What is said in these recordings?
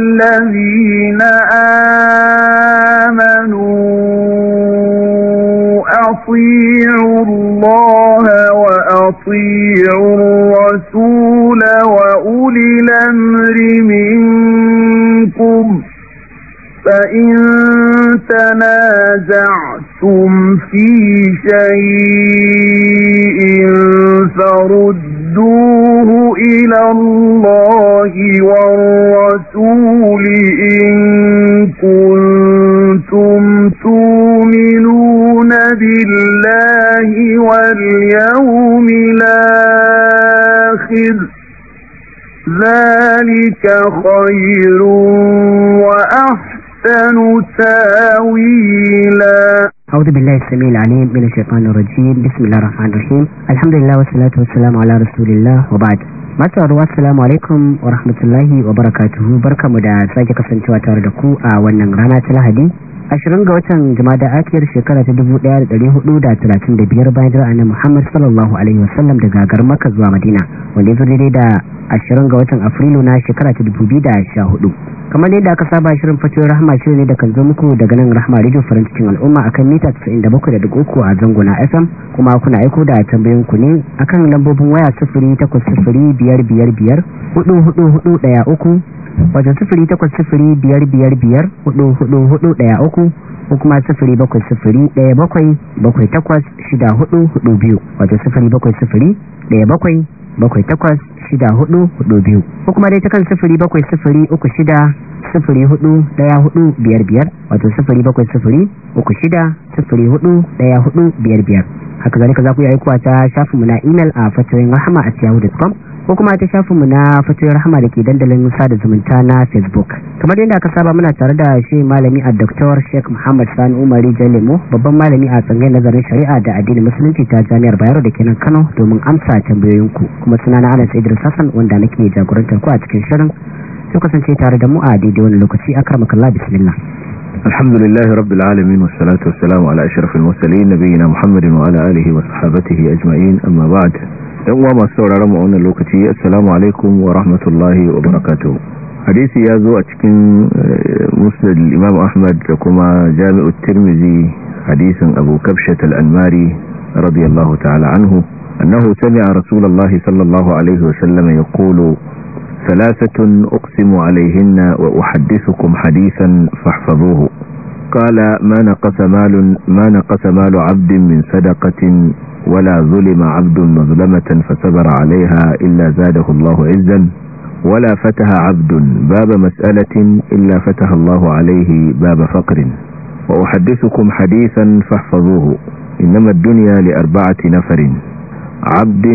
الذين آمنوا أطيعوا الله وأطيعوا الرسول وأولي الأمر منكم فإن تنازعتم في شيء فردوه إلى الله اللَّهِ وَالرَّسُولِ إِن كُنتُمْ تُؤْمِنُونَ بِاللَّهِ وَالْيَوْمِ الْآخِرِ ذَلِكَ خَيْرٌ وَأَحْسَنُ أحسن تاويلا أعوذ بالله السميع العليم من الشيطان الرجيم بسم الله الرحمن الرحيم الحمد لله والصلاة والسلام على رسول الله وبعد masu ruwa assalamu alaikum wa rahmatullahi wa barakatuhu barkamu da sake kasancewa tare da ku a wannan rana ta lahadi ashirin ga watan jama'a akiyar shekara ta dubu da da hudu talatin biyar bayan jira na muhammad sallallahu alaihi wasallam daga garmaka zuwa madina wanda ya daidai da ashirin ga watan afrilu na shekara ta dubu biyu da sha hudu kamar yadda aka saba shirin fatiyar rahama shirin ne da kan zo muku daga nan rahama radio farin cikin al'umma akan mita uku a zango na fm kuma kuna aiko da tambayin ku ne akan lambobin waya sufuri takwas sufuri biyar biyar biyar hudu hudu hudu ɗaya uku wato sufuri takwas sufuri biyar biyar biyar hudu hudu hudu daya uku ko kuma sufuri bakwai sufuri daya bakwai bakwai takwas shida hudu hudu biyu wato sufuri bakwai sufuri daya bakwai bakwai takwas shida hudu hudu biyu ko kuma dai ta kan sufuri bakwai sufuri uku shida sufuri hudu daya hudu biyar biyar wato sufuri bakwai sufuri uku shida sufuri hudu daya hudu biyar biyar haka zalika za ku yi aikuwa ta mu na imel a fatoyin rahama a yahoo.com ko kuma ta shafinmu na fatoyin rahama da ke dandalin da zumunta na facebook kamar yadda aka saba muna tare da shi malami a Dr. sheikh muhammad sani umari lemo babban malami a tsangayar nazarin shari'a da addinin musulunci ta jami'ar bayero da kenan kano domin amsa tambayoyinku kuma suna na ana idris da wanda ke jagorantar ku a cikin shirin ta kasance tare da mu a daidai wani lokaci a karmakalla bismillah الحمد لله رب العالمين والصلاة والسلام على أشرف المرسلين نبينا محمد وعلى آله وصحابته أجمعين أما بعد yan uwa masu sauraron mu a wannan lokaci assalamu alaikum wa rahmatullahi wa barakatuh hadisi ya zo a cikin musnad imam ahmad da kuma jami'ut tirmizi hadisin abu kabshat al-anmari radiyallahu ta'ala anhu annahu sami'a rasulullahi sallallahu alaihi wa sallam yaqulu ثلاثة أقسم عليهن وأحدثكم حديثا فاحفظوه قال ما نقص مال ما نقص مال عبد من صدقة ولا ظلم عبد مظلمة فصبر عليها إلا زاده الله عزا ولا فتح عبد باب مسألة إلا فتح الله عليه باب فقر وأحدثكم حديثا فاحفظوه إنما الدنيا لأربعة نفر عبد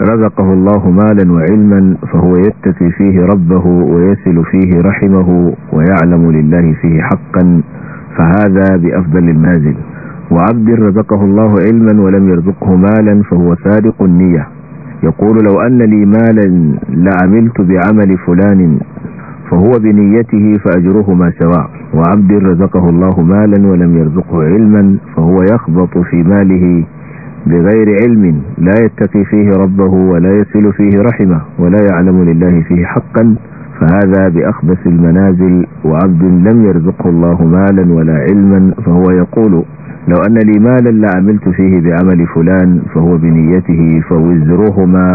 رزقه الله مالا وعلما فهو يتقي فيه ربه ويسل فيه رحمه ويعلم لله فيه حقا فهذا بأفضل المنازل وعبد رزقه الله علما ولم يرزقه مالا فهو صادق النية يقول لو أن لي مالا لعملت بعمل فلان فهو بنيته فأجرهما سواء وعبد رزقه الله مالا ولم يرزقه علما فهو يخبط في ماله بغير علم لا يتقي فيه ربه ولا يصل فيه رحمه ولا يعلم لله فيه حقا فهذا بأخبث المنازل وعبد لم يرزقه الله مالا ولا علما فهو يقول لو أن لي مالا لعملت فيه بعمل فلان فهو بنيته فوزرهما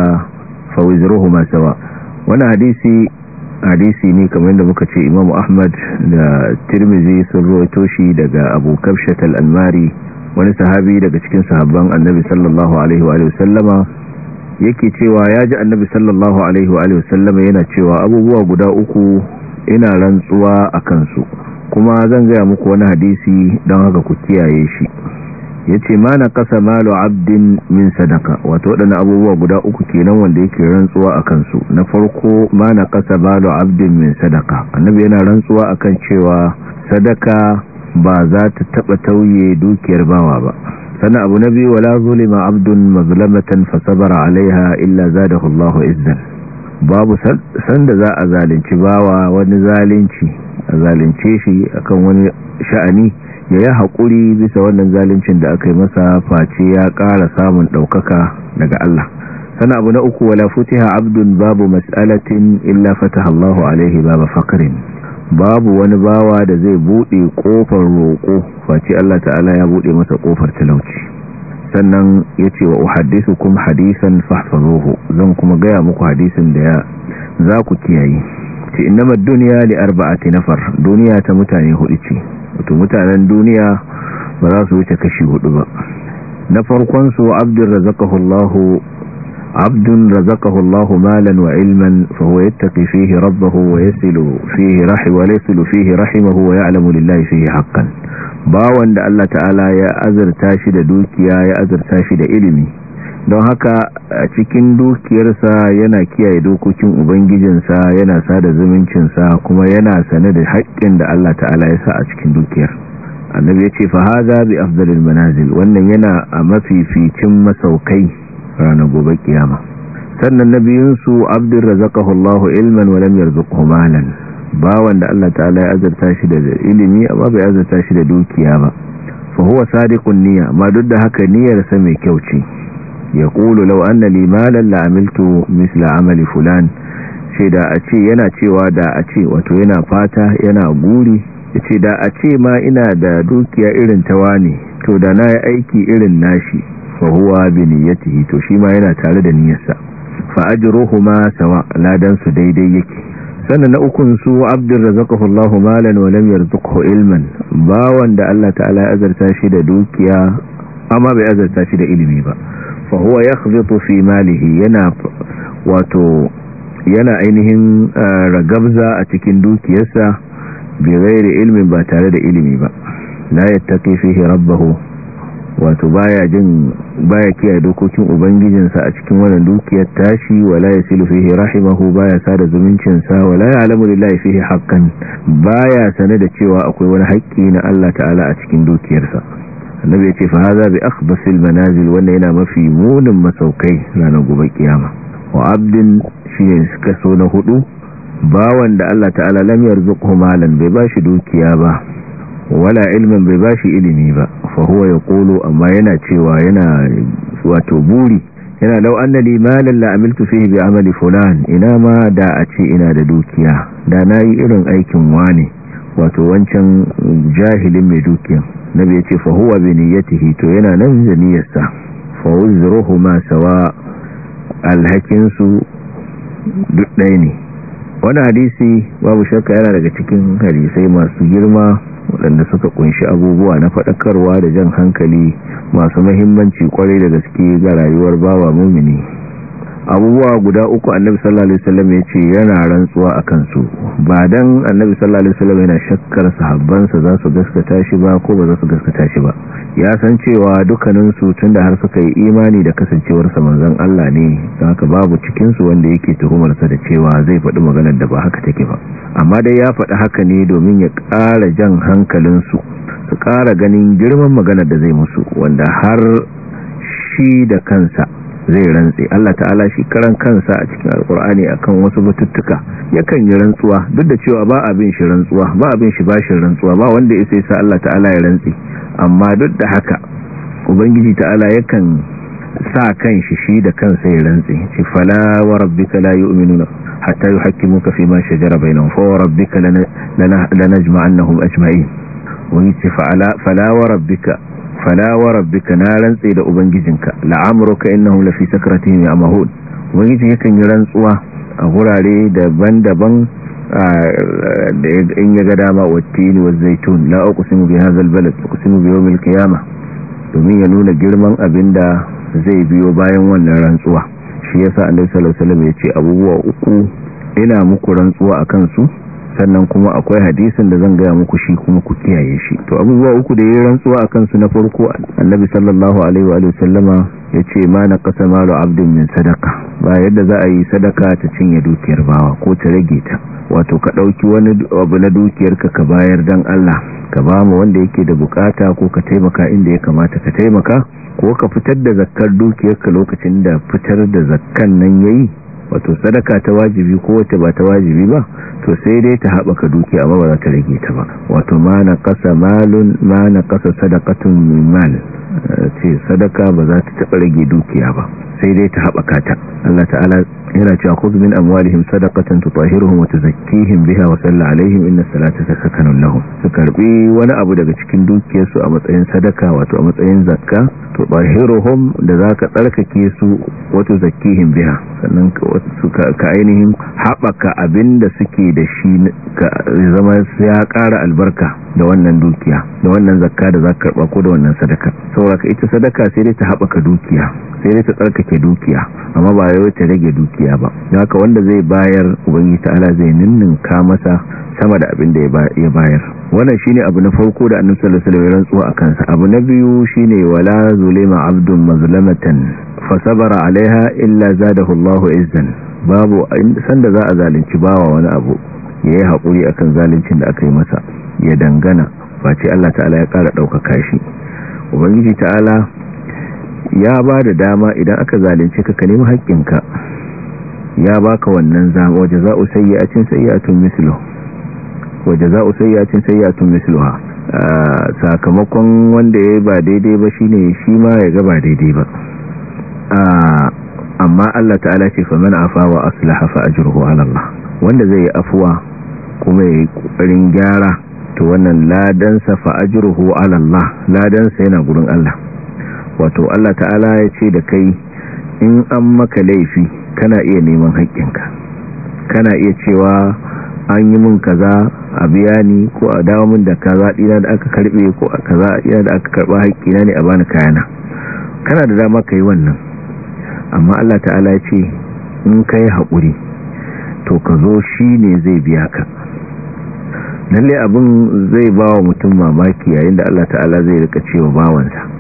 فوزرهما سواء وانا حديثي حديثي ني كما عند بك إمام أحمد الترمزي سرو توشي دقى أبو كبشة الأنماري وانا صحابي دقى تشكين صحابان النبي صلى الله عليه وآله وسلم yake cewa ya ji annabi sallallahu alaihi wa sallama yana cewa abubuwa guda uku ina rantsuwa a kansu kuma zan gaya muku wani hadisi don haka ku kiyaye shi ya ce ma na kasa malo abdin min sadaka wato waɗanda abubuwa guda uku kenan wanda yake rantsuwa a kansu na farko ma na kasa malo abdin min sadaka annabi yana rantsuwa akan cewa sadaka ba za ta taba tauye dukiyar bawa ba sannan abu na biyu wala zulima abdun mazlamatan fa sabara alaiha illa zadahu Allahu izzan babu sanda za a zalunci bawa wani zalunci a zalunce shi akan wani sha'ani ya yi haƙuri bisa wannan zaluncin da aka yi masa face ya ƙara samun ɗaukaka daga Allah sana abu na uku wala futiha abdun babu mas'alatin illa fataha Allahu alaihi babu fakarin babu wani bawa da zai buɗe ƙofar roƙo face Allah ta'ala ya buɗe masa ƙofar talauci sannan ya ce wa uhaddisukum hadisan fahfazuhu zan kuma gaya muku hadisin da ya za ku kiyaye ce innama duniya li arba'ati nafar duniya ta mutane hudu ce wato mutanen duniya ba za su wuce kashi hudu ba na farkon su abdurrazzaqahu Allahu عبد رزقه الله مالا وعلما فهو يتقي فيه ربه ويسل فيه رحمه ويسل فيه رحمه ويعلم لله فيه حقا باوان da Allah ta'ala ya azurta shi da dukiya ya azurta shi da ilimi don haka a cikin dukiyarsa yana kiyaye dokokin ubangijinsa yana sada zumuncinsa kuma yana sane da haƙƙin da Allah ta'ala ya sa a cikin dukiyar annabi ya ce fa haza bi afdalil manazil wannan yana a mafificin masaukai ranar gobe kiyama sannan nabiyinsu abdul razaqahu Allah ilman wa yarzuqhu malan bawan da Allah ta'ala ya azurta shi da ilimi amma bai azurta shi da dukiya ba fa huwa sadiqun niyya duk da haka niyyar sa mai kyau ce yaqulu law anna li malan la amiltu misla amali fulan ce da a ce yana cewa da a ce wato yana fata yana guri ya ce da a ce ma ina da dukiya irin ta to da na yi aiki irin nashi fa huwa ya tihi to shi ma yana tare da niyyarsa fa ma sawa ladan su daidai yake sannan na ukun su da razaqahu Allah malan wa lam yarzuqhu ilman bawan da Allah ta'ala ya azarta shi da dukiya amma bai azarta shi da ilimi ba fahuwa ya fi malihi yana wato yana ainihin eh, ragabza a cikin dukiyarsa bi ghairi ilmin ba tare da ilimi ba la yattaqi fihi rabbahu wato baya jin baya kiyaye dokokin ubangijinsa a cikin wannan dukiyar tashi wala yasilu fihi rahimahu baya sada zumuncin sa wala ya'lamu lillahi fihi haqqan baya sane da cewa akwai wani haƙƙi na Allah ta'ala a cikin dukiyarsa annabi ya ce fa hadha bi akhbasil manazil wannan yana mafi munin masaukai ranar gobe kiyama wa abdin shine suka so na hudu bawan da Allah ta'ala lam yarzuqhu malan bai bashi dukiya ba wala ilmin bai bashi ilimi ba fa huwa kolo amma yana cewa yana wato buri yana lau anna li malan la amiltu bi amali fulan ina ma da a ce ina da dukiya da na yi irin aikin wane wato wancan jahilin mai dukiya nabi yace ce fa huwa bi niyyatihi to yana nan da niyyarsa fa ma sawa alhakinsu duk ɗaya ne wani hadisi babu shakka yana daga cikin hadisai masu girma waɗanda suka kunshi abubuwa na faɗakarwa da jan hankali masu mahimmanci kwarai da gaske ga rayuwar bawa mumini abubuwa guda uku annabi sallallahu alaihi wasallam ya ce yana rantsuwa a kansu ba dan annabi sallallahu alaihi wasallam yana shakkar sahabbansa za su gaskata shi ba ko ba za su gaskata shi ba ya san cewa dukkanin su tunda har suka yi imani da kasancewar sa manzon Allah ne don haka babu cikin su wanda yake tuhumar sa da cewa zai faɗi maganar da ba haka take ba amma dai ya faɗi haka ne domin ya ƙara jan hankalin su su ƙara ganin girman maganar da zai musu wanda har shi da kansa zai rantse Allah ta'ala shi karan kansa a cikin alkur'ani akan wasu batuttuka yakan yi rantsuwa duk da cewa ba abin shi rantsuwa ba abin shi bashin rantsuwa ba wanda ya sai sa Allah ta'ala ya rantse amma duk da haka ubangiji ta'ala yakan sa kan shi shi da kansa ya rantse ce fala wa rabbika la yu'minuna hatta yuhaqqimuka fi ma shajara bainahum fa wa rabbika lanajma'annahum ajma'in wani ce fala wa rabbika fala wa rabbika na rantse da ubangijinka la'amruka innahum lafi sakratihim ya'mahun ubangiji yakan yi rantsuwa a gurare daban-daban da in ya ga dama wattini wa zaitun la uqsimu bi hadha albalad uqsimu bi yawmil qiyamah domin ya nuna girman abin da zai biyo bayan wannan rantsuwa shi yasa annabi sallallahu alaihi wasallam ce abubuwa uku ina muku rantsuwa a kansu. sannan kuma akwai hadisin da zan gaya muku shi kuma ku kiyaye shi to abubuwa uku da yayin rantsuwa akan su na farko annabi sallallahu alaihi wa sallama yace ma na qasamalu abdin min sadaka ba yadda za a yi sadaka ta cinye dukiyar bawa ko ta rage ta wato ka dauki wani abu na dukiyarka ka bayar dan Allah ka ba mu wanda yake da bukata ko ka taimaka inda ya kamata ka taimaka ko ka fitar da zakkar dukiyarka lokacin da fitar da zakkan nan yayi wato sadaka ta wajibi ko wata ba ta wajibi ba to sai dai ta haɓaka dukiya ba ba za ta rage ta ba wato ma na ƙasa malun ma sadakatun min eh, ce sadaka ba za ta taɓa rage dukiya ba sai dai ta haɓaka ta Allah ta'ala yana cewa khudh min amwalihim sadaqatan tutahhiruhum wa tuzakkihim biha wa salli alaihim inna salata sakanun lahum su karbi wani abu daga cikin dukiyarsu a matsayin sadaka wato a matsayin zakka tutahhiruhum da zaka tsarkake su wa tuzakkihim biha sannan ka ainihin habaka abinda suke da shi ka zama ya kara albarka da wannan dukiya da wannan zakka da zaka karba ko da wannan sadaka saboda ita sadaka sai dai ta habaka dukiya sai dai ta tsarkake dukiya amma ba yau ta rage dukiya biya ba haka wanda zai bayar ubangiji ta'ala zai ninninka masa sama da abin da ya bayar wannan shine abu na farko da annabi sallallahu alaihi wasallam rantsuwa akan sa abu na biyu shine wala zulima abdun mazlamatan fa sabara alaiha illa zadahu Allahu izzan babu sanda za a zalunci bawa wani abu yayi hakuri akan zaluncin da aka yi masa ya dangana face Allah ta'ala ya kara dauka kashi. ubangiji ta'ala ya ba da dama idan aka zalunce ka ka nemi haƙƙinka ya baka wannan zama waje za'u sayyatin sayyatun mislu waje za'u sayyatin sayyatun misluha ah, sakamakon wanda ya ba daidai ba shine shi ma ya ga ba daidai ba ah, amma Allah ta'ala ce faman afa wa aslaha fa ajruhu ala Allah wanda zai yi afuwa kuma yayi kokarin gyara to wannan ladan sa fa ajruhu ala Allah ladan sa yana gurin Allah wato Allah ta'ala ya ce da kai in an maka laifi kana iya neman haƙƙinka kana iya cewa an yi min kaza a biya ni ko a dawo min da kaza ɗina da aka karɓe ko a kaza ɗina da aka karɓa haƙƙina ne a bani kayana kana da dama ka yi wannan amma Allah ta'ala ya ce in ka yi haƙuri to ka zo shi ne zai biya ka lalle abin zai ba wa mutum mamaki yayin da Allah ta'ala zai rika cewa bawansa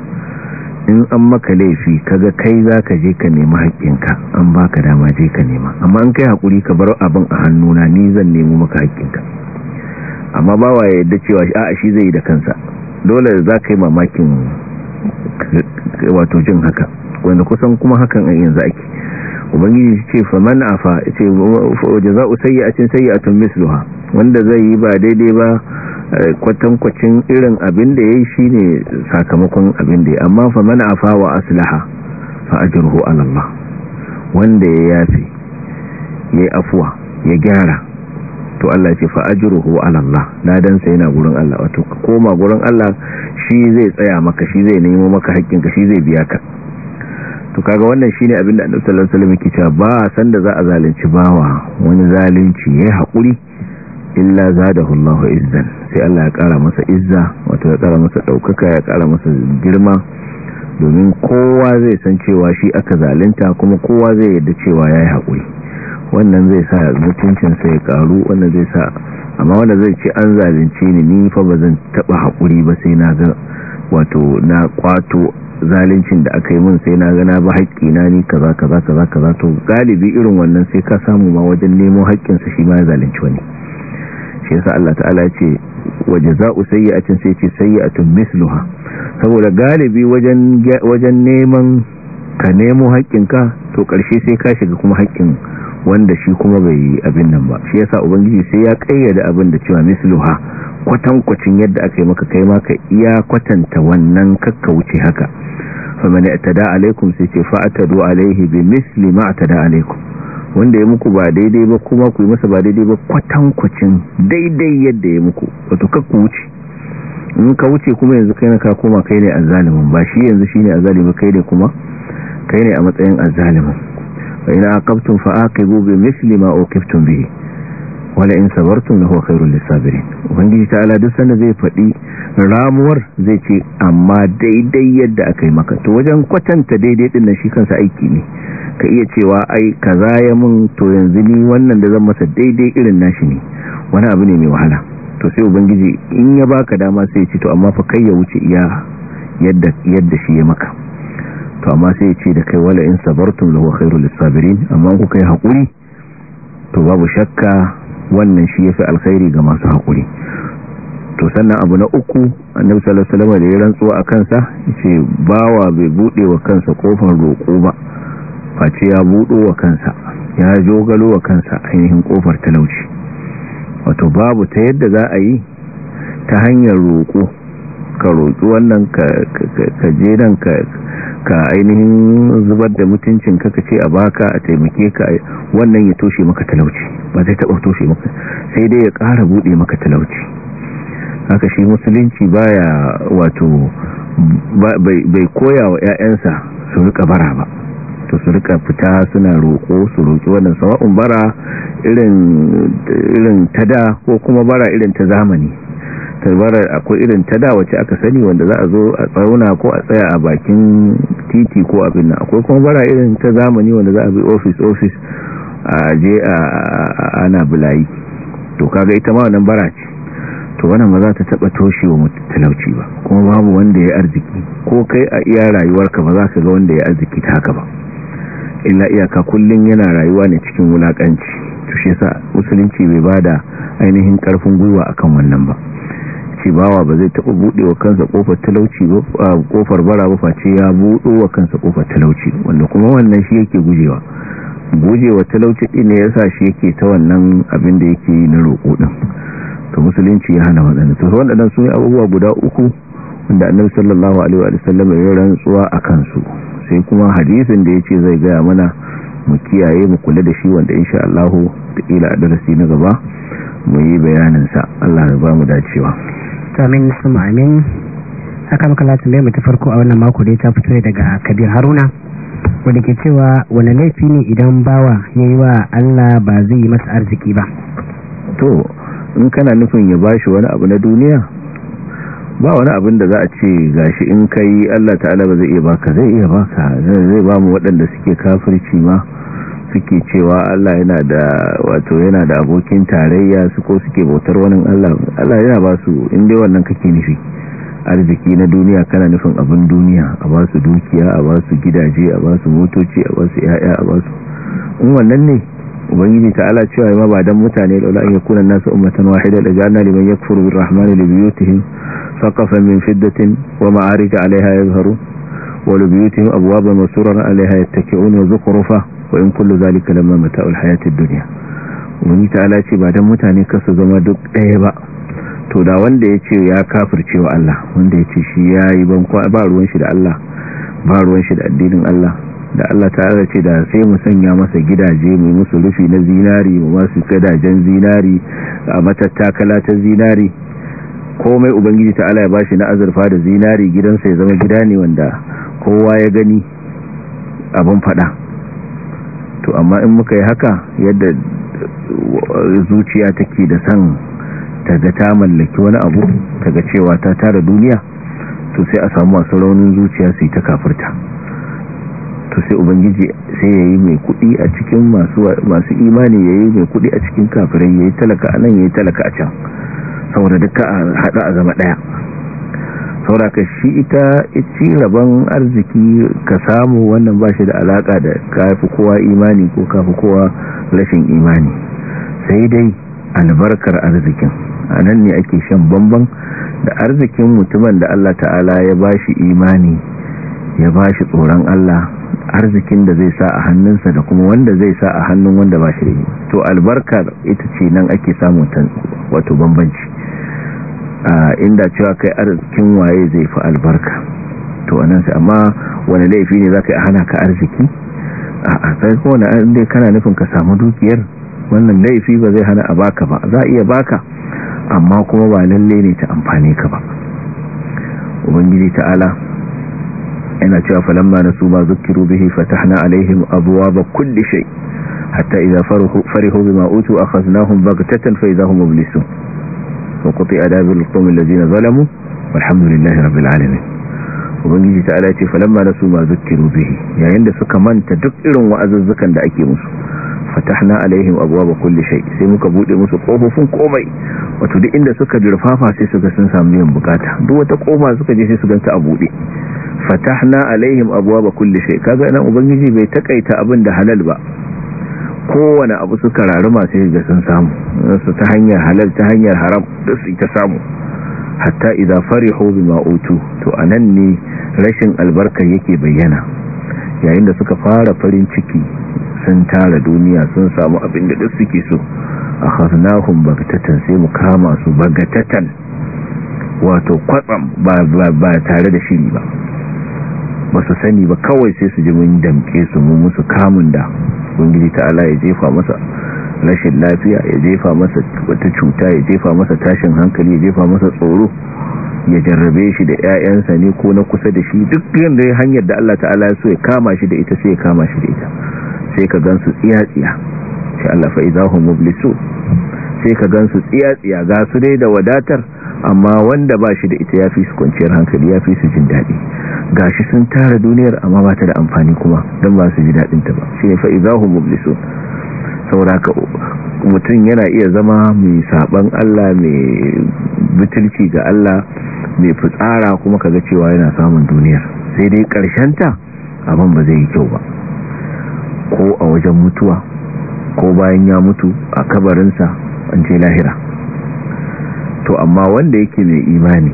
in an maka laifi kaga kai zaka je ka nemi haƙƙinka an baka dama je ka nema amma an kai hakuri ka bar abin a hannuna ni zan nemi maka haƙƙinka amma ba wa yadda cewa a shi zai yi da kansa dole za ka yi mamakin wato jin haka wanda kusan kuma hakan a yanzu ake ubangiji ce fa faman afa ce jaza'u sayyi'atin sayyi'atun misluha wanda zai yi ba daidai ba Eh, kwatankwacin irin abin da ya yi shi ne sakamakon abin da ya amma fa mana afa wa aslaha fa ajirhu Allah wanda ya yafi ya yi afuwa ya gyara to Allah ce fa ajin ala Allah ladansa yana gurin Allah wato koma gurin Allah shi zai tsaya maka shi zai nemo maka haƙƙinka shi zai biya ka to kaga wannan shine abin da Annabi sallallahu alaihi wasallam yake ba san da za a zalunci bawa wani zalunci yi hakuri illa zadahu Allahu izzan sai Allah ya kara masa izza wato ya kara masa daukaka ya kara masa girma domin kowa zai san cewa shi aka zalunta kuma kowa zai yadda cewa yayi hakuri wannan zai sa mutuncin sa ya karu wannan zai sa amma wanda zai ce an zalunce ni ni fa bazan taba hakuri ba sai na ga wato na kwato zalincin da aka yi mun sai na gana ba haƙƙi na ni kaza kaza kaza kaza to galibi irin wannan sai ka samu ma wajen nemo haƙƙinsa shi ma ya zalunci wani shi yasa Allah ta'ala ya ce wa jaza'u sayyi'atin sai ce sayyi'atun misluha saboda galibi wajen wajen neman ka nemo haƙƙinka to ƙarshe sai ka shiga kuma haƙƙin wanda shi kuma bai yi abin nan ba shi yasa ubangiji sai ya kayyade abin da cewa misluha kwatankwacin yadda aka yi maka kai ma ka iya kwatanta wannan kakka wuce haka fa man atada alaikum sai ce fa atadu alaihi bi misli ma atada alaikum wanda ya muku ba daidai ba kuma ku yi masa ba daidai ba kwatankwacin daidai yadda ya muku wato kakku wuce in ka wuce kuma yanzu kai na ka koma kai ne azzalimin ba shi yanzu shine azzalimi kai ne kuma kai ne a matsayin azzalimin wa ina fa'a fa aqibu bi misli ma uqibtum biyu wala in sabartum lahu khairul lisabirin ubangiji ta'ala duk sanda zai fadi ramuwar zai ce amma daidai yadda aka yi maka to wajen kwatanta daidai din shi kansa aiki ne ka iya cewa ai kaza ya mun to yanzu ni wannan da zan masa daidai irin nashi ne wani abu ne mai wahala to sai ubangiji in ya baka dama sai ya ce to amma fa kai ya wuce iya yadda yadda shi ya maka to amma sai ya ce da kai wala in sabartum lahu khairul lisabirin amma ku kai hakuri to babu shakka wannan shi yafi alkhairi ga masu hakuri to sannan abu na uku annabi sallallahu alaihi wasallam da ya rantsuwa a kansa yace bawa bai bude wa kansa kofar roƙo ba face ya buɗo wa kansa ya jogalo wa kansa ainihin kofar talauci wato babu ta yadda za a yi ta hanyar roƙo ka roƙi wannan ka je nan ka ainihin zubar da mutuncin ka ce a baka a taimake ka wannan ya toshe maka talauci ba zai taɓa toshe maka sai dai ya ƙara buɗe maka talauci haka shi musulunci baya wato bai koya wa 'ya'yansa su rika bara ba to su rika fita suna roƙo su roƙi wannan sawa'un bara irin ta ko kuma bara irin ta zamani tarbarar akwai irin ta wacce aka sani wanda za a zo a tsaruna ko a tsaya a bakin titi ko abin nan akwai kuma bara irin ta zamani wanda za a bi ofis ofis a je a ana bulayi to kaga ita ma wannan bara ce to wannan ba za ta taba toshe wa talauci ba kuma babu wanda ya arziki ko kai a iya rayuwarka ba za ka ga wanda ya arziki ta haka ba illa iyaka kullun yana rayuwa ne cikin wulakanci to shi yasa musulunci bai bada ainihin karfin gwiwa akan wannan ba ci bawa ba zai taɓa buɗe wa kansa ƙofar talauci ba kofar bara ba face ya buɗo wa kansa kofar talauci wanda kuma wannan shi yake gujewa gujewa talauci ɗin ne yasa shi yake ta wannan abin da yake yi na roƙo ɗin to musulunci ya hana wannan to wannan sun yi abubuwa guda uku wanda annabi sallallahu alaihi wa sallam ya rantsuwa a kansu sai kuma hadisin da yace zai gaya mana mu kiyaye mu kula da shi wanda insha Allah da ila darasi na gaba mu yi bayanin sa Allah ya ba mu dacewa amin suma amin haka muka latin bai ta farko a wannan mako da ta fito daga Kabir Haruna wanda ke cewa wani laifi ne idan bawa yayi wa Allah ba zai yi masa arziki ba to in kana nufin ya bashi wani abu na duniya ba wani abin da za a ce gashi in kai Allah ta'ala ba zai iya baka zai iya baka zai ba mu waɗanda suke kafirci ma suke cewa Allah yana da wato yana da abokin tarayya su ko suke bautar wani Allah Allah yana ba su in wannan kake nufi arziki na duniya kana nufin abin duniya a ba su dukiya a ba su gidaje a ba su motoci a ba su 'ya'ya a ba su in wannan ne ubangiji ta'ala cewa ma ba dan mutane laula an yakuna nasu ummatan wahida da ja'alna liman yakfuru rahmani li buyutihim saqafan min fiddatin wa ma'arij 'alayha yazharu wa li buyutihim abwaban masuran 'alayha yattaki'un wa zukhrufa wa in kullu zalika lamma mata'ul hayatid dunya ubangiji ala ce ba dan mutane kasu zama duk ɗaya ba to da wanda ya ce ya kafirce wa Allah wanda ya ce shi yayi ban ba ruwan shi da Allah ba ruwan shi da addinin Allah da Allah ta'ala ce da sai mu sanya masa gidaje mu musu rufi na zinari mu masu gadajen zinari a matattakala ta zinari komai ubangiji ta'ala ya bashi na azurfa da zinari gidansa ya zama gida ne wanda kowa ya gani abin fada to amma in muka yi haka yadda zuciya take da san ta ga ta mallaki wani abu taga cewa ta tara duniya to sai a samu masu raunin zuciya su yi ta kafirta to sai ubangiji sai yayi yi mai kudi a cikin masu imani yayi mai kudi a cikin kafirai yayi talaka a nan talaka a can saboda duka a hada a zama daya saboda ka shi ita ci rabon arziki ka samu wannan bashi da alaka da kafi kowa imani ko kafi kowa rashin imani sai dai albarkar arzikin anan ne ake shan bambam da arzikin mutumin da allah ta'ala ya bashi imani ya bashi tsoron allah arzikin da zai sa a hannunsa da kuma wanda zai sa a hannun wanda ba shi da to albarka ita ce nan ake samun wato bambanci inda cewa kai arzikin waye zai fi albarka to anan sai amma wani laifi ne za ka yi hana ka arziki a kai kowane inda kana nufin ka samu dukiyar wannan laifi ba zai hana a baka ba za a iya baka amma kuma ba lalle ne ta amfani ka ba ubangiji ta'ala yana cewa falamma nasu ma zukkiru bihi fatahna alaihim abwaaba kulli shay hatta idza farihu bima utu akhadnahum baghtatan fa idza hum mublisun wa qati'a dabil qawmi alladhina zalamu walhamdulillahi rabbil alamin ubangiji ta ala ce falamma nasu ma zukkiru bihi yayin da suka manta duk irin wa'azuzzukan da ake musu fatahna alaihim abwaaba kulli shay sai muka bude musu kofofin komai wato duk inda suka dirfafa sai suka sun samu yin bukata duk wata koma suka je sai su ganta a bude fatahna alaihim ba kulle shay kaga nan ubangiji bai takaita abin da halal ba kowane abu suka raru masu yadda sun samu su ta hanyar halal ta hanyar haram da su ita samu hatta idza fari bima utu to anan ne rashin albarka yake bayyana yayin da suka fara farin ciki sun tara duniya sun samu abin da duk suke so akhadnahum bagtatan sai mu kama su bagtatan wato kwatsam ba tare da shiri ba ba su sani ba kawai sai su ji mun damke su mu musu kamun da ta ta'ala ya jefa masa rashin lafiya ya jefa masa wata cuta ya jefa masa tashin hankali ya jefa masa tsoro ya jarrabe shi da 'ya'yansa ne ko na kusa da shi duk yadda hanyar da Allah ta'ala ya so ya kama shi da ita sai ya kama shi da ita sai ka gansu tsiya-tsiya sha Allah fa'iza hun mublisu sai ka gansu tsiya-tsiya ga su dai da wadatar amma wanda ba shi da ita ya fi su kwanciyar hankali ya fi su jin daɗi ga shi sun tara duniyar amma ba ta da amfani kuma don ba su ji daɗin ta ba shi ne fa'izahu mublisu sauraka mutum yana iya zama mai saban Allah mai butulci ga Allah mai fitsara kuma kaga cewa yana samun duniyar sai dai ta abin ba zai yi kyau ba ko a wajen mutuwa ko bayan ya mutu a kabarinsa an ce lahira to amma wanda yake mai imani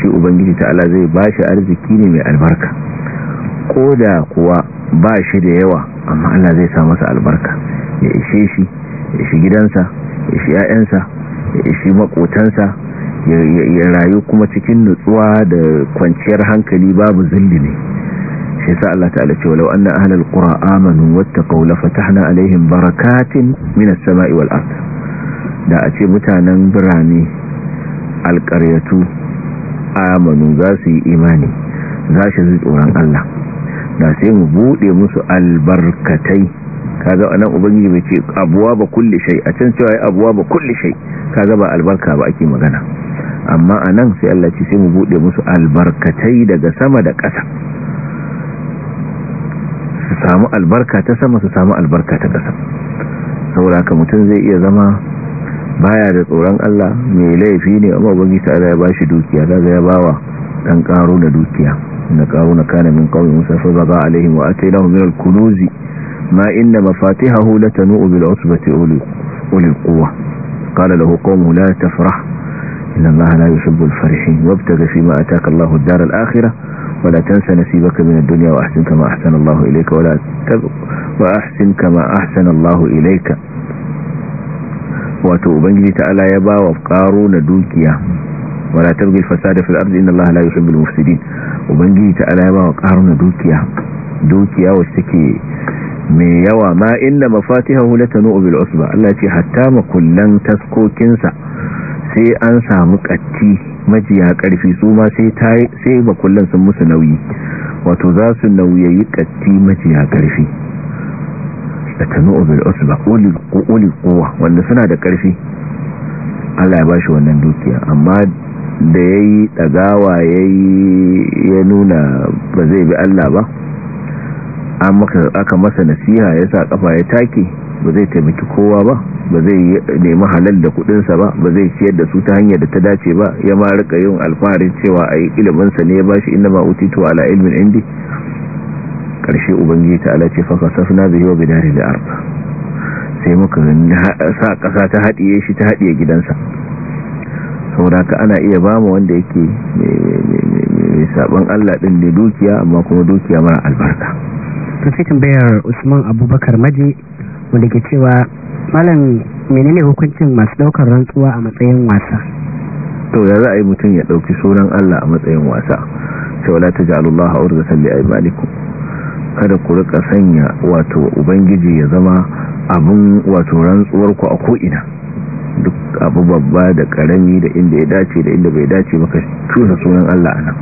shi ubangiji ta'ala zai bashi arziki ne mai albarka ko da kuwa ba shi da yawa amma Allah zai sa masa albarka ya ishe shi ya shi gidansa ya shi 'ya'yansa ya shi makotansa ya rayu kuma cikin nutsuwa da kwanciyar hankali babu zilli ne shi sa Allah ta'ala ce walau anna ahlal qura amanu wattaqaw la alaihim barakatin minas sama'i wal da a ce mutanen birane alƙaryatu amanu za su yi imani za shi zai tsoron Allah da sai mu buɗe musu albarkatai Ka kaga anan ubangiji mai ce abuwa ba kulle shai. a can cewa abuwa ba kulle shai. Ka ba albarka ba ake magana amma anan sai Allah ce sai mu buɗe musu albarkatai daga sama da ƙasa su samu albarka ta sama su samu albarka ta ƙasa saboda haka mutum zai iya zama baya da tsoron Allah mai laifi ne amma ubangi ta ya bashi dukiya kaga ya bawa dan karo na dukiya inna na kana min qawmi musa fa baga alaihim wa atainahu min al-kunuz ma inna mafatihahu latanu bil usbati uli uli quwwa qala lahu qawmu la tafrah inna allaha la yuhibbu al-farihin wabtaghi fima ataka allahu ad-dar al-akhirah ولا تنسى نسيبك من الدنيا وأحسن كما أحسن الله إليك ولا تب وأحسن كما أحسن الله wato ubangiji Ala ya ba wa na dukiya wala tabghil fasada fil ardi inna allaha la yuhibbul mufsidin ubangiji ta'ala ya ba wa na dukiya dukiya wacce take mai yawa ma inna mafatihahu latanu bil usba Allah ce hatta makullan taskokinsa sai an samu katti majiya karfi su ma sai sai sun musu nauyi wato za su nauyayi katti majiya karfi da tanu'u bil usba quli quwa wanda suna da karfi Allah ya bashi wannan dukiya amma da yayi dagawa yayi ya nuna ba zai bi Allah ba aka masa nasiha ya sa kafa ya take ba zai taimaki kowa ba ba zai nemi halal da kudinsa ba ba zai ciyar da su ta hanyar da ta dace ba ya ma rika yin alfaharin cewa a yi iliminsa ne ya bashi inda ma utitu ala ilimin indi karshe ubangiji ta ala ce safna bihi wa bidari da arba sai muka sa kasa ta haɗiye shi ta haɗiye gidansa saboda ana iya ba mu wanda yake mai sabon Allah din da dukiya amma kuma dukiya mara albarka to sai tambayar Usman Abubakar Maje wanda ke cewa malam menene hukuncin masu daukar rantsuwa a matsayin wasa to ya za a yi mutum ya dauki sunan Allah a matsayin wasa cewa la tajalullaha urdatan li aymanikum kada ku rika sanya wato ubangiji ya zama abun wato rantsuwarku a ko'ina duk abu babba da karami da inda ya dace da inda bai dace ba ka cusa sunan Allah anan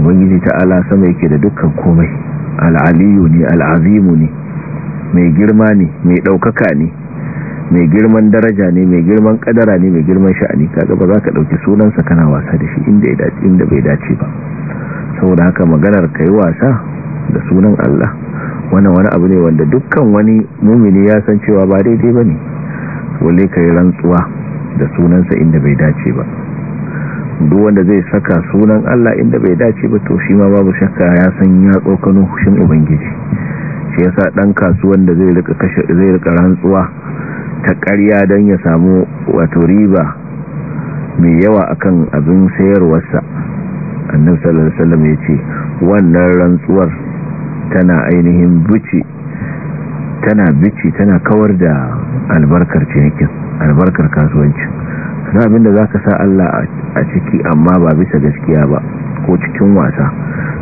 ubangiji Ala sama yake da dukkan komai al'aliyu ne al'azimu ne mai girma ne mai ɗaukaka ne mai girman daraja ne mai girman kadara ne mai girman sha'ani kaga ba za ka ɗauki sunansa kana wasa da shi inda bai dace ba saboda haka maganar ka yi wasa da sunan Allah wannan wani abu ne wanda dukkan wani mumini ya san cewa ba daidai ba ne wale ka yi rantsuwa da sunansa inda bai dace ba duk wanda zai saka sunan Allah inda bai dace ba to shi ma babu shakka ya san ya tsokano hushin ubangiji shi ya sa ɗan kasuwan da zai rika rantsuwa ta ƙarya don ya samu wato riba mai yawa akan abin sayarwarsa annabi sallallahu alaihi wasallam yace wannan rantsuwar tana ainihin buci tana bici tana kawar da albarkar cinikin albarkar kasuwanci sai abinda za ka sa Allah a ciki amma ba bisa gaskiya ba ko cikin wasa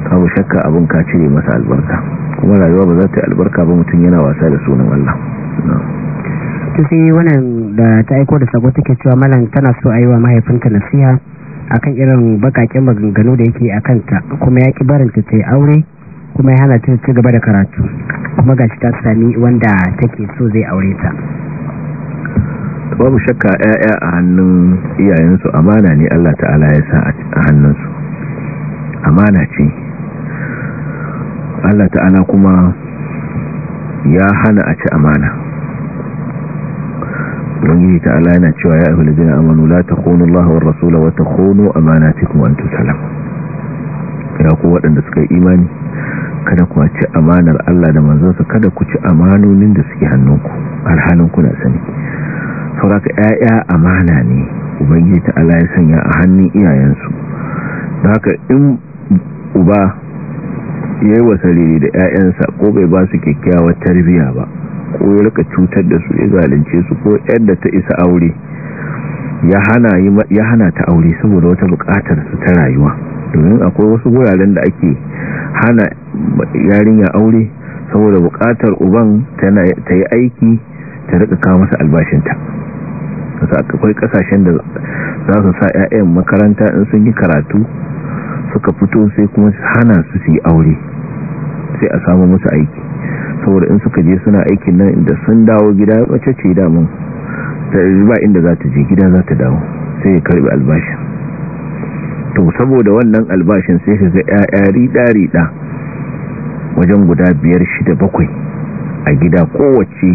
kawo shakka abin ka cire masa albarka kuma rayuwa ba za ta albarka ba mutum yana wasa da sunan Allah to sai wannan da ta aiko da sabo take cewa malam tana so a yi wa mahaifinta nasiha akan irin bakakin maganganu da yake a kanta kuma ya ki barinta ta yi aure kuma ya hana ta ci gaba da karatu kuma gashi ta sami wanda take so zai aure ta babu shakka ƴaƴa a hannun iyayensu amana ne Allah ta'ala ya sa a hannunsu amana ce Allah ta'ala kuma ya hana a ci amana ubangiji ta ala yana cewa ya ahlul lajina amanu la takhunu Allah war rasula wa takhunu amana wa antum salam ya ku waɗanda suka yi imani kada ku ci amanar Allah da manzonsa kada ku ci amanonin da suke hannunku ku na sani sauraka yaya amana ne ubangiji ta ala ya sanya a hannun iyayensu haka in uba yayi wasare da 'ya'yansa ko bai ba su kyakkyawar tarbiyya ba ko ya rika cutar da su ya zalunce su ko yadda ta isa aure ya hana ta aure saboda wata bukatar su ta rayuwa domin akwai wasu wuraren da ake hana yarinya aure saboda bukatar uban ta yi aiki ta rika kawo masa albashinta akwai kasashen da za su sa 'ya'yan makaranta in sun yi karatu suka fito sai kuma hana su su yi aure sai a samu musu aiki saboda in suka je suna aikin nan inda sun dawo gida ya ce damun ta ba inda za ta je gida za ta dawo sai ya karbi albashin to saboda wannan albashin sai ka ga yaya rida-rida wajen guda biyar shida bakwai a gida kowace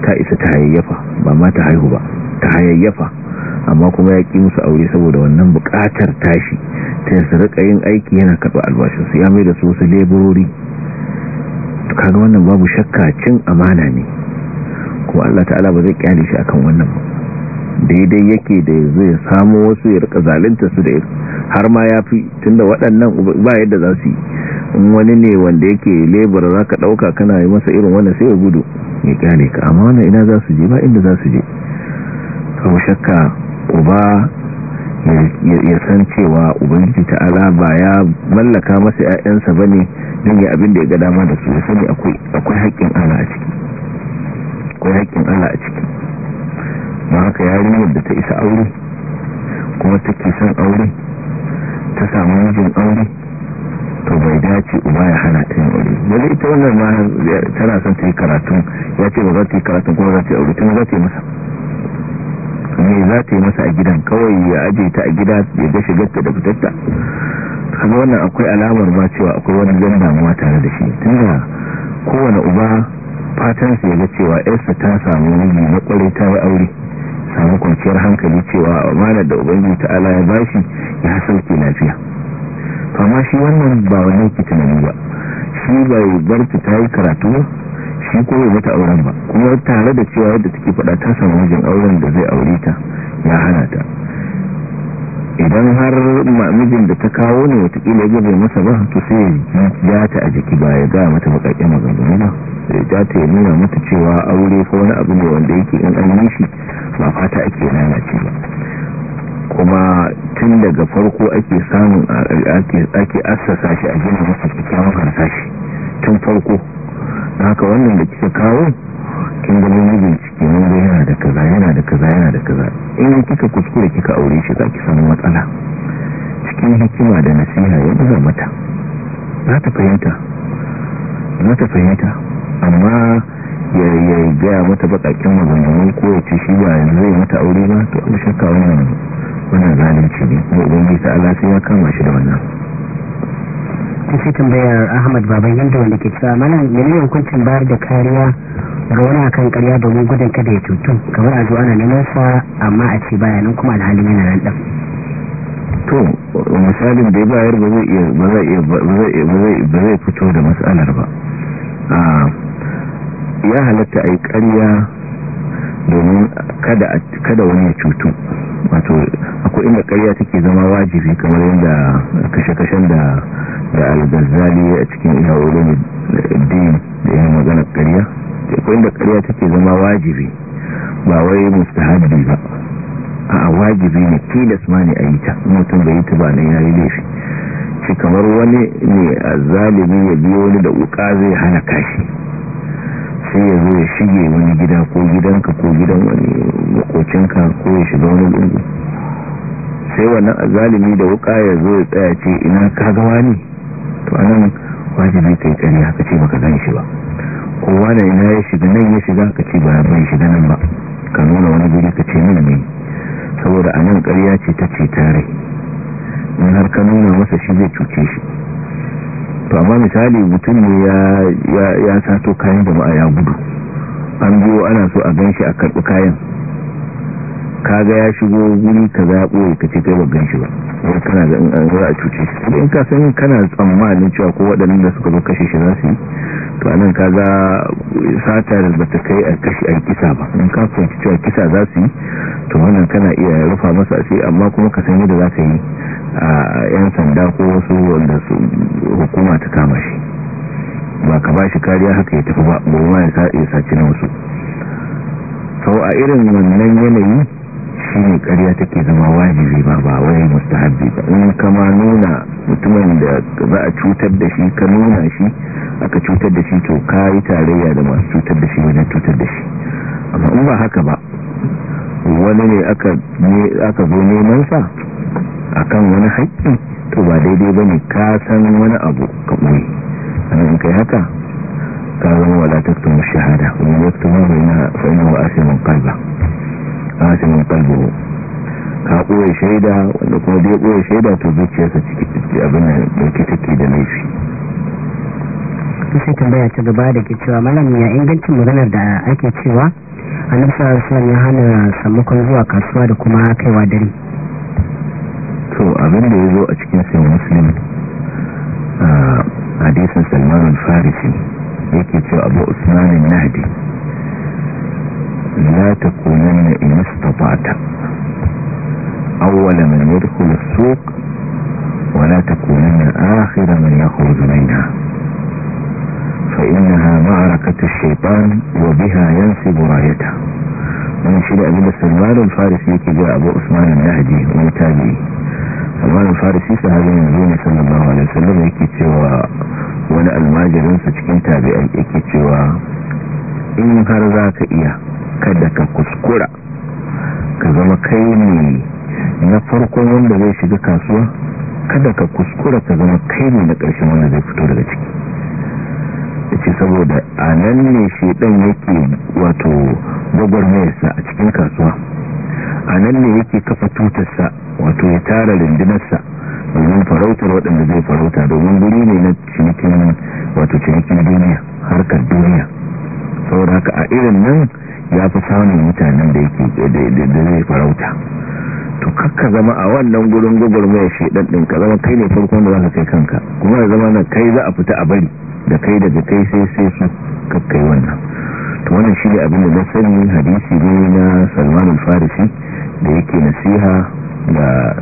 ta isa ta hayayyafa ba ma ta haihu ba ta hayayyafa amma kuma ya ƙi musu aure saboda wannan bukatar tashi ta yasa rika yin aiki yana karɓar albashinsu ya mai da su wasu leburori kan kaga wannan babu shakka cin amana ne ko Allah ta'ala ba zai kyale shi akan wannan ba daidai yake da zai samu wasu ya rika zalunta su da har ma yafi tunda waɗannan ba yadda za su yi in wani ne wanda yake lebur za ka ɗauka kana yi masa irin wannan sai ya gudu ya kyale ka amma wannan ina za su je ba inda za su je kawo shakka uba ya san cewa ubangiji ta'ala ba ya mallaka masa ba bane don ya abin da ya ga dama da su ya sani akwai haƙƙin Allah a ciki akwai haƙƙin Allah a ciki ma haka yarinyar da ta isa aure kuma take son aure ta samu mijin aure to bai dace uba ya hana ta yin aure wani ita wannan ma tana son ta yi karatu ya ce ba za ta yi karatu kuma za ta yi aure tun za ta yi masa ne za ta yi masa a gidan kawai ya aje ta a gida ya ga shigarta da fitarta kuma wannan akwai alamar ma cewa akwai wani zan damuwa tare da shi tunda kowane uba fatan su yaga cewa yarsa ta samu wani na kwarai ta yi aure samu kwanciyar hankali cewa amanar da ubangiji ta ala ya bashi ya ke lafiya amma shi wannan ba wani ki tunani ba shi bai bar ta yi karatu shi ko bai mata auren ba kuma tare da cewa yadda take faɗa ta samu mijin auren da zai aure ta ya hana ta idan har mijin da ta kawo ne watakila ya bai masa ba to sai ya ta a jiki ba ya gaya mata bakaƙe maganganu ba sai ta ta nuna mata cewa aure ko wani abu ne wanda yake in an yi shi ba fata ake lalace ba kuma tun daga farko ake samun ake assasa shi a gina masa kyakkyawan harsashi tun farko haka wannan da kika kawo kin gani ne ciki mun ga yana da kaza yana da kaza yana da kaza in kika kuskure kika aure shi zaki samu matsala cikin hikima da nasiha ya buga mata za ta fahimta za ta fahimta amma ya ya gaya mata bakakin maganganu ko ya ce shi ba yanzu zai mata aure ba to abu shakka wannan wannan zalunci ne kuma ubangiji ta Allah sai ya kama shi da wannan ta fi tambayar ahmad baban yadda wanda ke cewa mana menene hukuncin bayar da kariya ga wani akan karya domin gudun kada ya cutu kamar a zo ana neman sa amma a ce baya kuma alhalin yana nan ɗan to misalin da ya bayar ba zai ba zai fito da matsalar ba ya halatta a yi karya domin kada wani ya cutu wato akwai inda karya take zama wajibi kamar yadda kashe-kashen da da al-ghazali a cikin ina wurin din da yana magana ƙarya akwai inda ƙarya take zama wajibi ba wai mustahabi ba a wajibi ne tilas ma ne a yi ta mutum bai yi ta ba nan yayi laifi shi kamar wani ne a zalimi ya biyo wani da wuka zai hana kashi sai ya zo ya shige wani gida ko gidanka ko gidan wani makocinka ko ya shiga wani lungu sai wannan azalimi da wuka ya zo ya tsaya ce ina kaga wani to nan wajibi yi tsari haka ce baka gan shi ba kowa da ina ya shiga nan ya shiga ka ce ba bai shiga nan ba ka nuna wani guri ka ce mana mai saboda a nan karya ce ta ce tare in har ka nuna masa shi zai cuce shi to amma misali mutum ne ya sato kayan jama'a ya gudu an biyo ana so a gan shi a karɓi kayan kaga ya shigo guri ka zaɓo ka ce kai bagan shi ba wani kana da za a cuce in ka san kana tsammanin cewa ko waɗannan da suka zo kashe shi za su yi to a anan kaga sata da bata kai a kashe a kisa ba in ka fahimci cewa kisa za su yi to wannan kana iya rufa masa asiri amma kuma ka san yadda za ka yi a yan sanda ko wasu wanda su hukuma ta kama shi ba ka ba shi kariya haka ya tafi ba gobe ya sace na wasu sau a irin wannan yanayi shi ne ƙarya take zama wajibi ba ba wai mustahabbi ba in kama nuna mutumin da za a cutar da shi ka nuna shi aka cutar da shi to ka yi tarayya da masu cutar da shi wajen cutar da shi amma in ba haka ba wani ne aka zo neman sa akan wani haƙƙi to ba daidai ba ne ka san wani abu ka ɓoye in kai haka ka zama wadatar shahada wani yaktumu bai na fa'ina wa asimin kalba qatin qalbi ka koyi shaida wanda kuma bai koyi shaida to zuciyarsa ciki abin da dauke take da laifi sai tambaya ta gaba da ke cewa malam ya ingancin maganar da ake cewa annabi sallallahu sun ya hana sammakon zuwa kasuwa da kuma kaiwa dare to abin da zo a cikin sahih muslim ah, hadisin salman al-farisi yake cewa abu usmanin al-nahdi لا تكونن إن استطعت أول من يدخل السوق ولا تكونن آخر من يخرج منها فإنها معركة الشيطان وبها ينسب رايته من شيء أبن سلمان الفارسي كجاء أبو أثمان النهدي ومتابعي سلمان الفارسي من الزوني صلى الله عليه وسلم يكتوى ولا الماجرين سجكين تابعي يكتوى إن هرزاك إياه kada ka kuskura ka zama kai ne na farkon wanda zai shiga kasuwa kada ka kuskura ka zama kai ne na ƙarshen wanda zai fito daga ciki da ce saboda a nan ne shaidan yake wato gwagwarmayarsa a cikin kasuwa a nan ne yake kafa tutarsa wato ya tara rundunarsa domin farautar waɗanda zai farauta domin guri ne na cinikin wato cinikin duniya harkar duniya saboda haka a irin nan ya fi samun mutanen da yake da zai farauta to kakka zama a wannan gurin mai shi din ka zama kai ne farkon da zaka kai kanka kuma da zama na kai za a fita a bari da kai daga kai sai sai su kakkai wannan to wannan shi ne abin da na sani hadisi ne na salman al-farisi da yake nasiha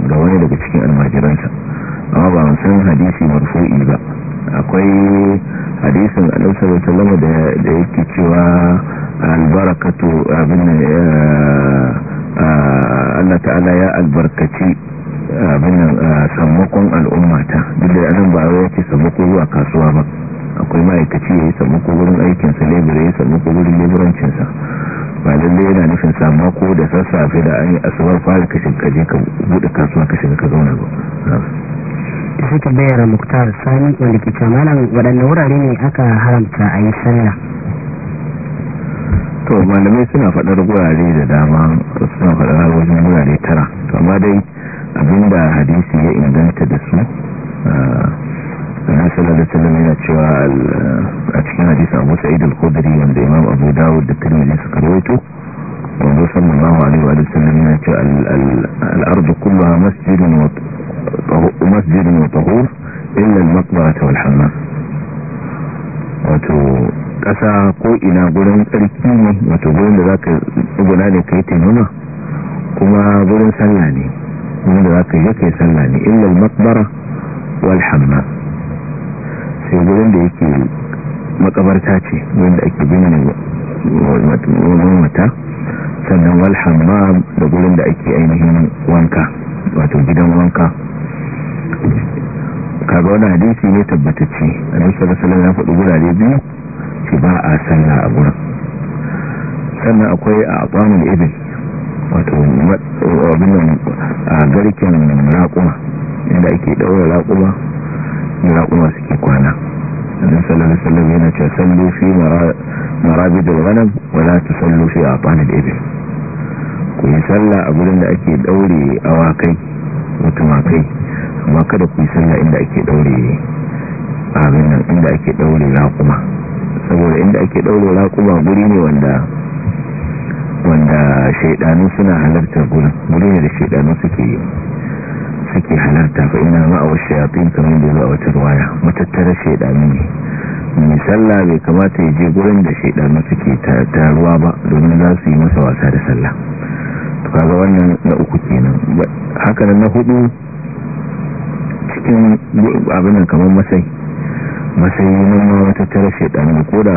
ga wani daga cikin almajiransa amma ba san hadisi marfu'i ba akwai hadisin annabi wata lama da yake cewa albarkatu abin da eh, eh, Allah ta'ala ya albarkaci abin eh, sammakon al'ummata duk da anan ba ya yake sammakon zuwa kasuwa ba akwai ma'aikaci ya yi sammakon wurin aikinsa lebura ya yi sammakon wurin leburancinsa ba lalle yana nufin sama da sassafe da an yi asuwar fara kashin kaje ka buɗe kasuwa kashin ka zauna ba da suke tambayar muktar sani wanda ke cewa malam wurare ne aka haramta a yi sallah to malamai suna faɗar wurare da dama suna faɗar wajen wurare tara amma dai abinda hadisi ya inganta da su na sallallahu da wasallam yana cewa a cikin hadisi Abu Sa'id al yanzu wanda Imam Abu Dawud da Tirmidhi suka rawaito manzo sallallahu alaihi wa sallam ya ce al-ardu kulluha masjidun wa masjidun wa tahur illa al-maqbara wal hammam wato kasa ko ina gurin tsarki ne wato gurin da zaka tsuguna da kai tenuna kuma gurin sallah ne gurin da zaka yi kai sallah ne illa al-maqbara wal hammam sai gurin da yake makabarta ce gurin da ake binne mata sannan wal hammam da gurin da ake ainihin wanka wato gidan wanka kaga wani hadisi ne tabbatacce nan sallallahu salon ya faɗi wurare biyu ce ba a salla a gurin sannan akwai a aqamul ibil wato abin a garken raƙuma inda ake ɗaura raƙuma da raƙuma suke kwana annabi salon salon yana ce sallu fi mara marabidul ghanam wala tusallu fi al ibil ku yi sallah a gurin da ake daure awakai mutumakai amma kada ku yi sallah inda ake daure abin inda ake daure kuma saboda inda ake daure kuma guri ne wanda wanda shaydanu suna halartar gurin guri ne da shaydanu suke suke halarta fa ina ma'awar shayatin kamar da zuwa wata ruwaya matattara shaydanu ne mai sallah bai kamata ya je gurin da shaidanu suke taruwa ba domin za su yi masa wasa da sallah to kaga wannan na uku kenan haka nan na hudu cikin abin kamar masai masai nan wata tara shaidanu ko da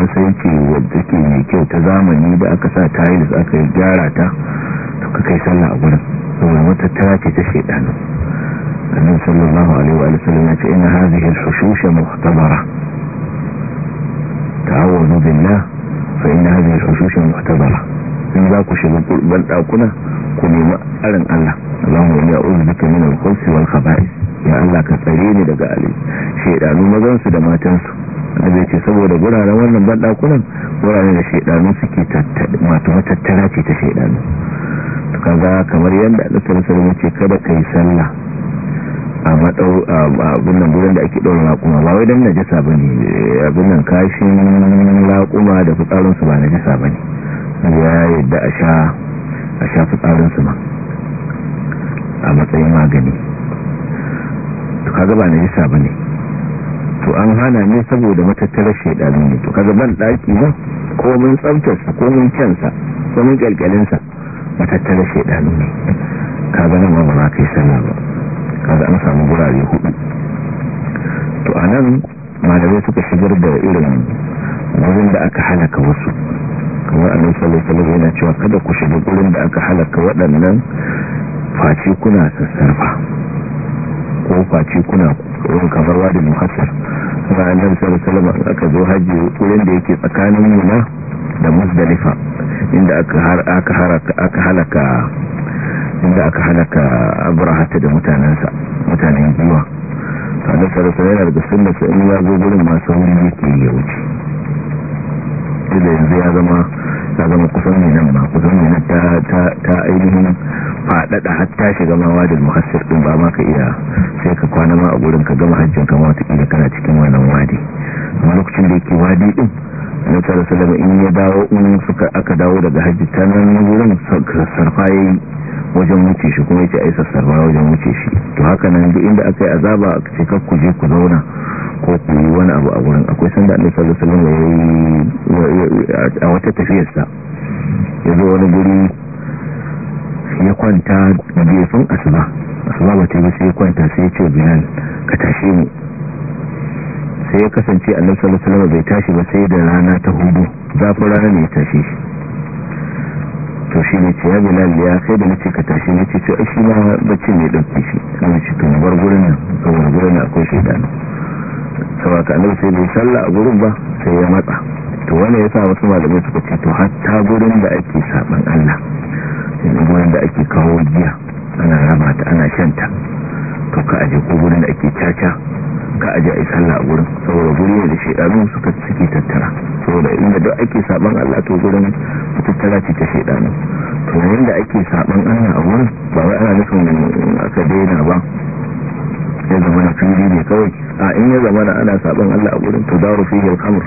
masai ce wadda ke mai kyau ta zamani da aka sa tiles aka gyara ta to ka kai sallah a gurin domin wata tara ce ta shaidanu annabi sallallahu alaihi wa sallam ya ce ina hadhihi al-hushush muhtamara ta'awuzu billah fa inna hadhihi al in za ku shiga ban ku nemi arin Allah Allahumma ya a'udhu bika min al-khubthi wal khaba'ith ya Allah ka tsare ni daga alai shedanu mazan su da matan su zai ce saboda guraren wannan ban dakunan guraren da shedanu suke tattara ce ta shedanu kaga kamar yadda Allah sallallahu alaihi ce kada kai sallah a madau abin nan gudun da ake ɗaura laƙuma ba wai jisa ba ne eh, abin nan kashin laƙuma da fitsarin su ba ne bane ya yadda a sha a sha ma a matsayin magani to kaga ba ba bane to an hana ne saboda matattarar shaidari ne to kaga ban ɗaki ba komin tsaftarsa komin kyansa komin ƙyalƙyalinsa matattarar shaidari ne kaga nan ba ma kai sallah ba kaga an samu gurare hudu to a nan malamai suka shigar da irin wurin da aka halaka wasu kamar a annabi sallallahu alaihi yana cewa kada ku shiga wurin da aka halaka waɗannan face kuna sassarfa ko face kuna wurin kamar wadi muhassar nan annabi sallallahu alaihi aka zo hajji wurin da yake tsakanin mina da musdalifa inda aka har aka halaka inda aka halaka abrahata da mutanensa mutanen giwa kada sarasa yana daga sunnasa in ya zo masu wuri yake ya wuce da yanzu ya zama ta zama kusan ne nan ba kusan ne nan ta ainihin faɗaɗa hatta shiga mawa da muhassir ɗin ba ma ka iya sai ka kwana ma a gurin ka gama hajjin kama watakila kana cikin wannan wadi amma lokacin da yake wadi ɗin annabi sallallahu in ya dawo in suka aka dawo daga hajji ta nan wurin sarfaye wajen wuce shi kuma yake aisa sassarfa wajen wuce shi to haka nan duk inda aka yi azaba a ce ka kuje ku zauna ko ku yi wani abu a wurin akwai sanda annabi sallallahu alaihi wasallam yayi a wata tafiyarsa ya zo wani guri ya kwanta gefen asuba asuba ba ta yi sai ya kwanta sai ya ce bilal ka tashe mu sai ya kasance annabi sallallahu alaihi wasallam bai tashi ba sai da rana ta hudu zafin rana ne ya tashi shi to shi ne ce ya bilal ya sai da nace ka tashi nace to a shi ma bacci ne dauke shi amma ce to bar gurin nan bar gurin nan akwai shaytan saboda ka annabi sai bai salla a gurin ba sai ya matsa to wannan yasa wasu malamai suka ce to hatta gurin da ake saban Allah sai gurin da ake kawo giya ana raba ta ana shanta to ka aje ko gurin da ake caca ka aje a sallah a gurin saboda guri ne da shaidanu suka suke tattara saboda inda duk ake saban Allah to gurin tattara ce ta shaidanu to yayin da ake saban Allah a gurin ba wai ana nufin aka daina ba ya zama na fili ne kawai a in ya zama na ana saban Allah a gurin to daru fi yal kamar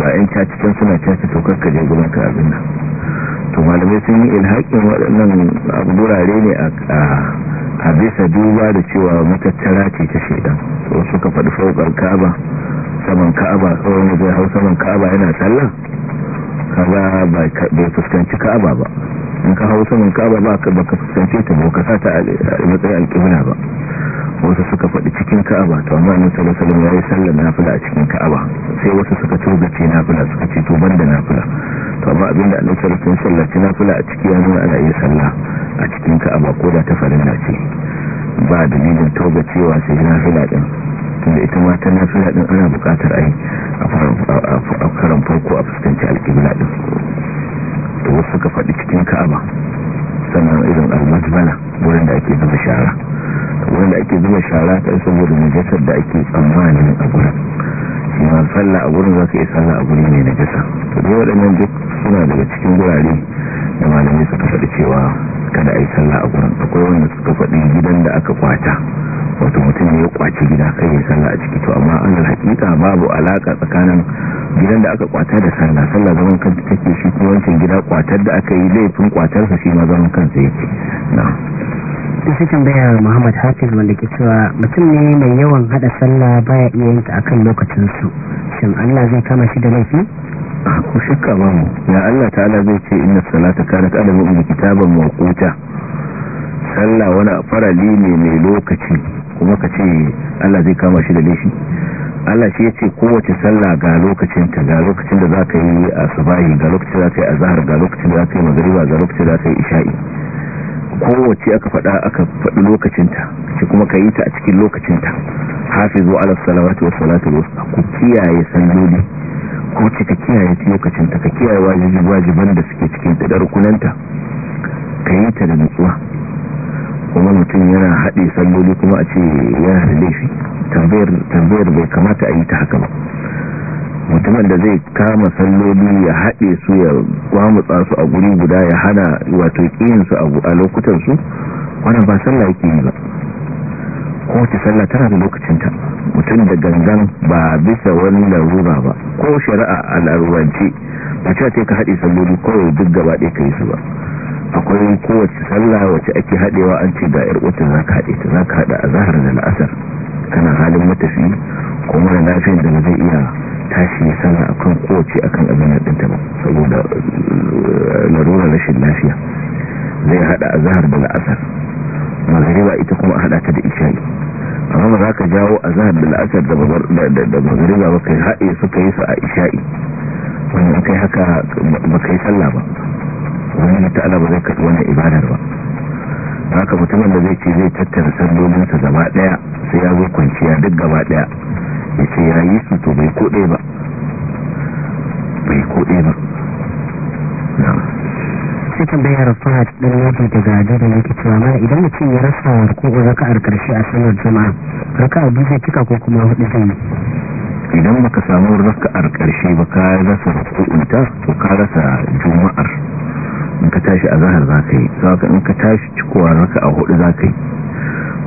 ga yan cacikin suna caci to karka je gurin ka abin nan to malamai sun yi ilhakin waɗannan abu ne a a bisa duba da cewa matattara ce ta shaidan so suka faɗi faukar kaba saman ka'aba kawai zai hau saman ka'aba yana sallah kaga bai fuskanci ka'aba ba in ka hau saman ka'aba ba ka fuskanci ta ba ta a matsayin alƙibla ba wasu suka faɗi cikin ka'aba to amma annabi sallallahu alaihi wasallam yayi sallar nafila a cikin ka'aba sai wasu suka ce nafila suka ce to banda nafila to amma abinda annabi sallallahu alaihi wasallam ya nafila a cikin yanzu ana iya sallah a cikin ka'aba ko da ta farilla ce ba dalilin tobacewa sai nafila din tunda ita ma ta nafila din ana buƙatar ai a karan farko a fuskanci alƙibla din to wasu suka faɗi cikin ka'aba sannan irin almajmala wurin da ake zuba shara wanda ake zuba shara ta saboda najasar da ake tsammanin a gurin ma sallah a gurin zaka yi sala a guri mai najasa to dai waɗannan duk suna daga cikin gurare da malamai suka faɗi cewa kada a yi sallah a gurin akwai wanda suka faɗi gidan da aka kwata wato mutum ya kwaci gida kai ya sallah a ciki to amma an hakika babu alaka tsakanin gidan da aka kwata da sallah sallah zaman kanta take shi kuma wancan gida kwatar da aka yi laifin kwatar sa shi ma zaman kansa yake na. na fi tambayar muhammad hafiz wanda ke cewa mutum ne mai yawan hada sallah baya iya a akan lokacinsu shin allah zai kama shi da laifi ku shakka ba mu ya allah ta'ala zai ce inna salata kanat ala mu'min kitaban mawquta sallah wani farali ne mai lokaci kuma ka ce allah zai kama shi da laifi Allah shi yace kowace sallah ga lokacin ta ga lokacin da za ka yi asubahi ga lokacin da za ka yi azhar ga lokacin da za ka yi magriba ga lokacin da za ka yi isha'i kowace aka faɗa aka faɗi lokacinta shi kuma ka yi ta a cikin lokacinta hafizu ala salawatu wa salatu wusta ku kiyaye salloli ko ce ka kiyaye lokacinta ka kiyaye wajibi wajiban da suke cikin ta da rukunanta ka yi ta da nutsuwa kuma mutum yana haɗe salloli kuma a ce yana da laifi tambayar bai kamata a yi ta haka ba mutumin da zai kama salloli ya haɗe su ya gwamutsa su a guri guda ya hana wato ƙiyinsu a lokutansu wannan ba sallah ya yi ba kowace sallah tana da lokacinta mutum da gangan ba bisa wani larura ba ko shari'a a larurance ba cewa ta ka haɗe salloli kawai duk gaba ɗaya ka yi su ba akwai kowace sallah wacce ake haɗewa an ce ga yar za ka haɗe ta za ka haɗa a zahar da la'asar kana halin matafi ko da lafiyan da ba zai iya tashi ya sallah akan kowace akan abin ɗinta ba saboda eh, larura rashin lafiya zai hada zahar da la'asar magariba ita kuma a hada ta da isha'i amma za ka jawo zahar da la'asar da magariba ba kai haɗe suka yi su a isha'i wani kai haka ba kai sallah ba wani ta ala ba zai karɓi wani ibadar ba haka mutumin da zai ce zai tattara sallolinsa gaba ɗaya sai ya zo kwanciya duk gaba ɗaya ya ce ya yi su to bai kode ba bai kode ba sai tambayar fahad ɗan da daga da yake cewa mana idan mutum ya rasa wa raka'ar raka a sanar jama'a raka a zai cika ko kuma hudu zai idan baka samu raka a ƙarshe ba ka rasa rukunta to ka rasa juma'ar in ka tashi a zahar za ka yi za ka in ka tashi cikowa a hudu za ka yi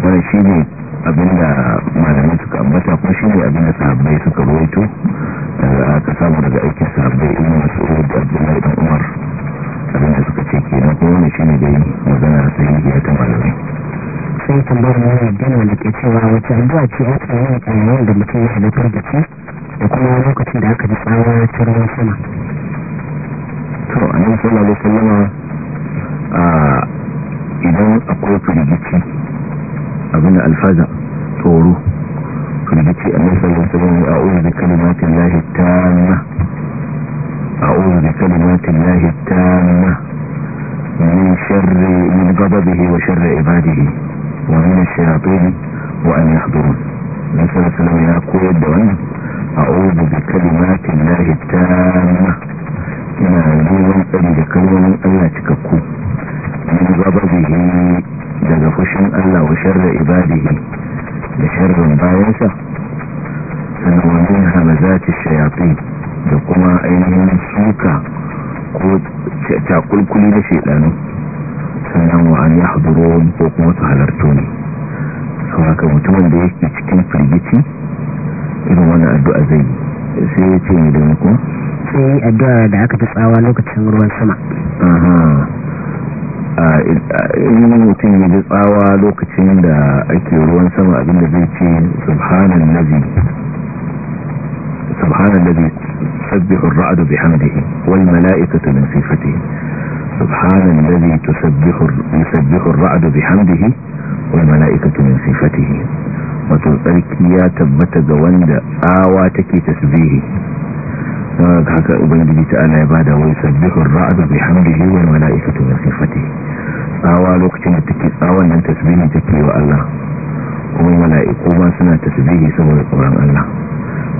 wani shi ne abinda malamai suka ambata kuma shi ne abinda sahabbai suka rawaito daga eh, aka samu daga aikin sahabbai ibn mas'ud abdullahi dan umar abinda suka ce kenan kuma wani ne dai magana biya ta malamai sai tambayar mai dana da ke cewa wacce addu'a ce aka yi a yayin da mutum ya halittar da ce da kuma lokacin da aka ji tsawa ta sama to a nan sallallahu alaihi wasallama ah, idan akwai firgici abin alfaza tsoro firgici annabi sallallahu alaihi wasallam ya a'udhu bi kalimati llahi tamma a'udhu bi kalimati llahi tamma min sharri min ghadabihi wa sharri ibadihi wa min ash-shayatin wa an yahdurun annabi sallallahu alaihi wasallam ya koyar da wannan a'udhu bi kalimati llahi tamma ina neman tsari da kalmomin Allah cikakku min ghadabihi daga fushin Allah wa sharri ibadihi da sharrin bayansa sannan wa min hamazati shayatin da kuma ainihin suka ko takulkuli na shaidanu sannan wa an yahdurun ko kuma su halarto ne sau haka mutumin da yake cikin firgici irin wani addu'a zai sai ya ce ne da muku sai addu'a da aka fi tsawa lokacin ruwan sama ilimin mutum ya ji tsawa lokacin da ake ruwan sama abinda zai ce subhanan nabi subhanan nabi sabbihun ra'adu bi hamdihi wal mala'ikatu min sifatihi subhanan nabi tusabbihun ra'adu bi hamdihi wal mala'ikatu min sifatihi wato tsarki ya tabbata ga wanda tsawa take tasbihi don haka ubangiji ta ala ya ba da wani sabbihun ra'adu bi hamdihi wal mala'ikatu wa sifati tsawa lokacin da take tsawon nan tasbihin take wa Allah kuma mala'iku ma suna tasbihi saboda tsoron Allah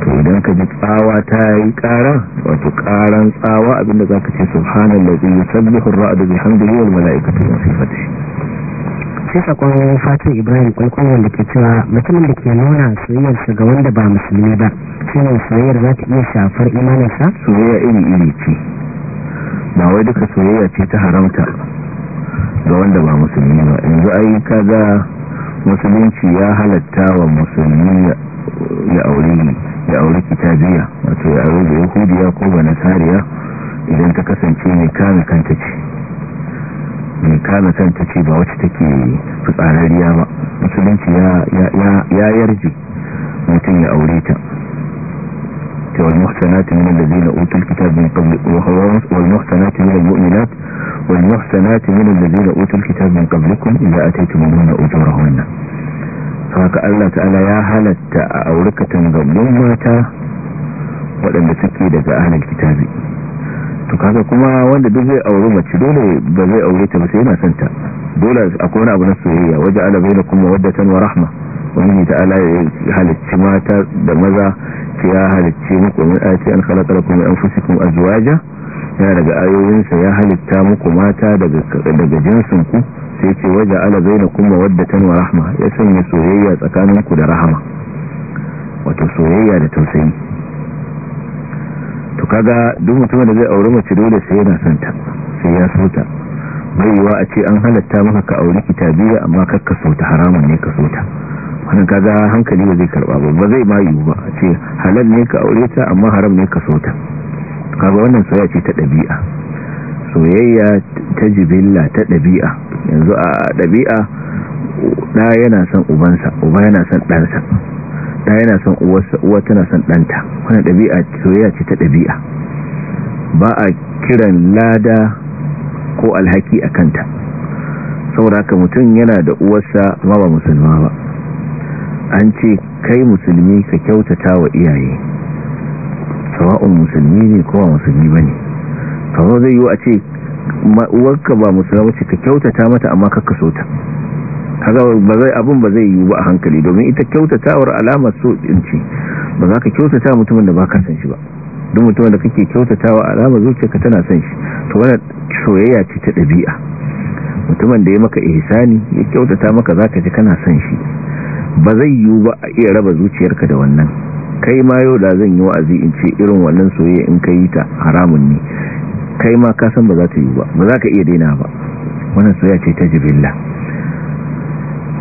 to idan ka ji tsawa ta yi ƙara wato ƙaran tsawa abinda zaka ce subhanallazi yusabbihu ar-ra'du bihamdihi wal mala'ikatu wa sifati sai sakon fatin ibrahim kwalkwal wanda ke cewa mutumin da ke nuna soyayyarsa ga wanda ba musulmi ba mai soyayyar za ta iya shafar imaninsa soyayya iri iri ce ba wai duka soyayya ce ta haramta ga wanda ba musulmi ba yanzu ai ga musulunci ya halatta wa musulmi ya aure ya aure wato ya aure da yahudiya ko ba nasariya idan ta kasance mai kame kanta ce mai kame kanta ce ba wacce take fitsararriya ba musulunci ya yarje mutum ya aure ta والمحسنات من الذين أوتوا الكتاب من قبل والمحسنات من المؤمنات والمحسنات من الذين أوتوا الكتاب من قبلكم إذا أتيتموهن أجورهن فهك الله تعالى يا هلت أوركة قبل ماتا ولم تكيد أهل الكتاب to kaga kuma wanda duk zai auri mace dole ba zai aure ta ba sai yana son ta dole akwai wani abu na soyayya waje ala baina kuma waddatan wa rahma wani ta ala ya halicci mata da maza ta ya halicci muku min ayati an khalaqa lakum min anfusikum azwaja yana daga ayoyinsa ya halitta muku mata daga daga jinsin ku sai ce waje ala baina kuma waddatan wa rahma ya sanya soyayya tsakaninku da rahama wato soyayya da tausayi to kaga duk mutumin da zai aure mace dole sai yana son ta sai ya so ta bai yiwa a ce an halatta maka ka aure tabiya amma kar ka so ta haramun ne ka so ta wannan kaga hankali ba zai karba ba ba zai ma yiwu ba a ce halal ne ka aure ta amma haram ne ka so ta kaga wannan soyayya ce ta dabi'a soyayya ta jibilla ta dabi'a yanzu a dabi'a da yana son ubansa uba yana son ɗansa da yana son uwa tana son ɗanta wani ɗabi'a soyayya ce ta ɗabi'a ba a kiran lada ko alhaki a kanta sauraka mutum yana da uwarsa ma ba musulma ba an ce kai musulmi ka kyautata wa iyaye sawa'un musulmi ne ko ba musulmi ba ne kawo zai yi a ce uwarka ba musulma ce ka kyautata mata amma kakka so ta kaga ba zai abun ba zai yiwu ba a hankali domin ita kyautatawar alamar so din ce ba za ka kyautata mutumin da baka san shi ba duk mutumin da kake kyautatawa alamar zuciyarka tana san shi to wannan soyayya ce ta dabi'a mutumin da ya maka ihsani ya kyautata maka zaka ji kana san shi ba zai yiwu ba a iya raba zuciyarka da wannan kai ma yau da zan yi wa'azi in ce irin wannan soyayya in ka yi ta haramun ne kai ma ka san ba za ta yi ba ba za ka iya daina ba wannan soyayya ce ta jibilla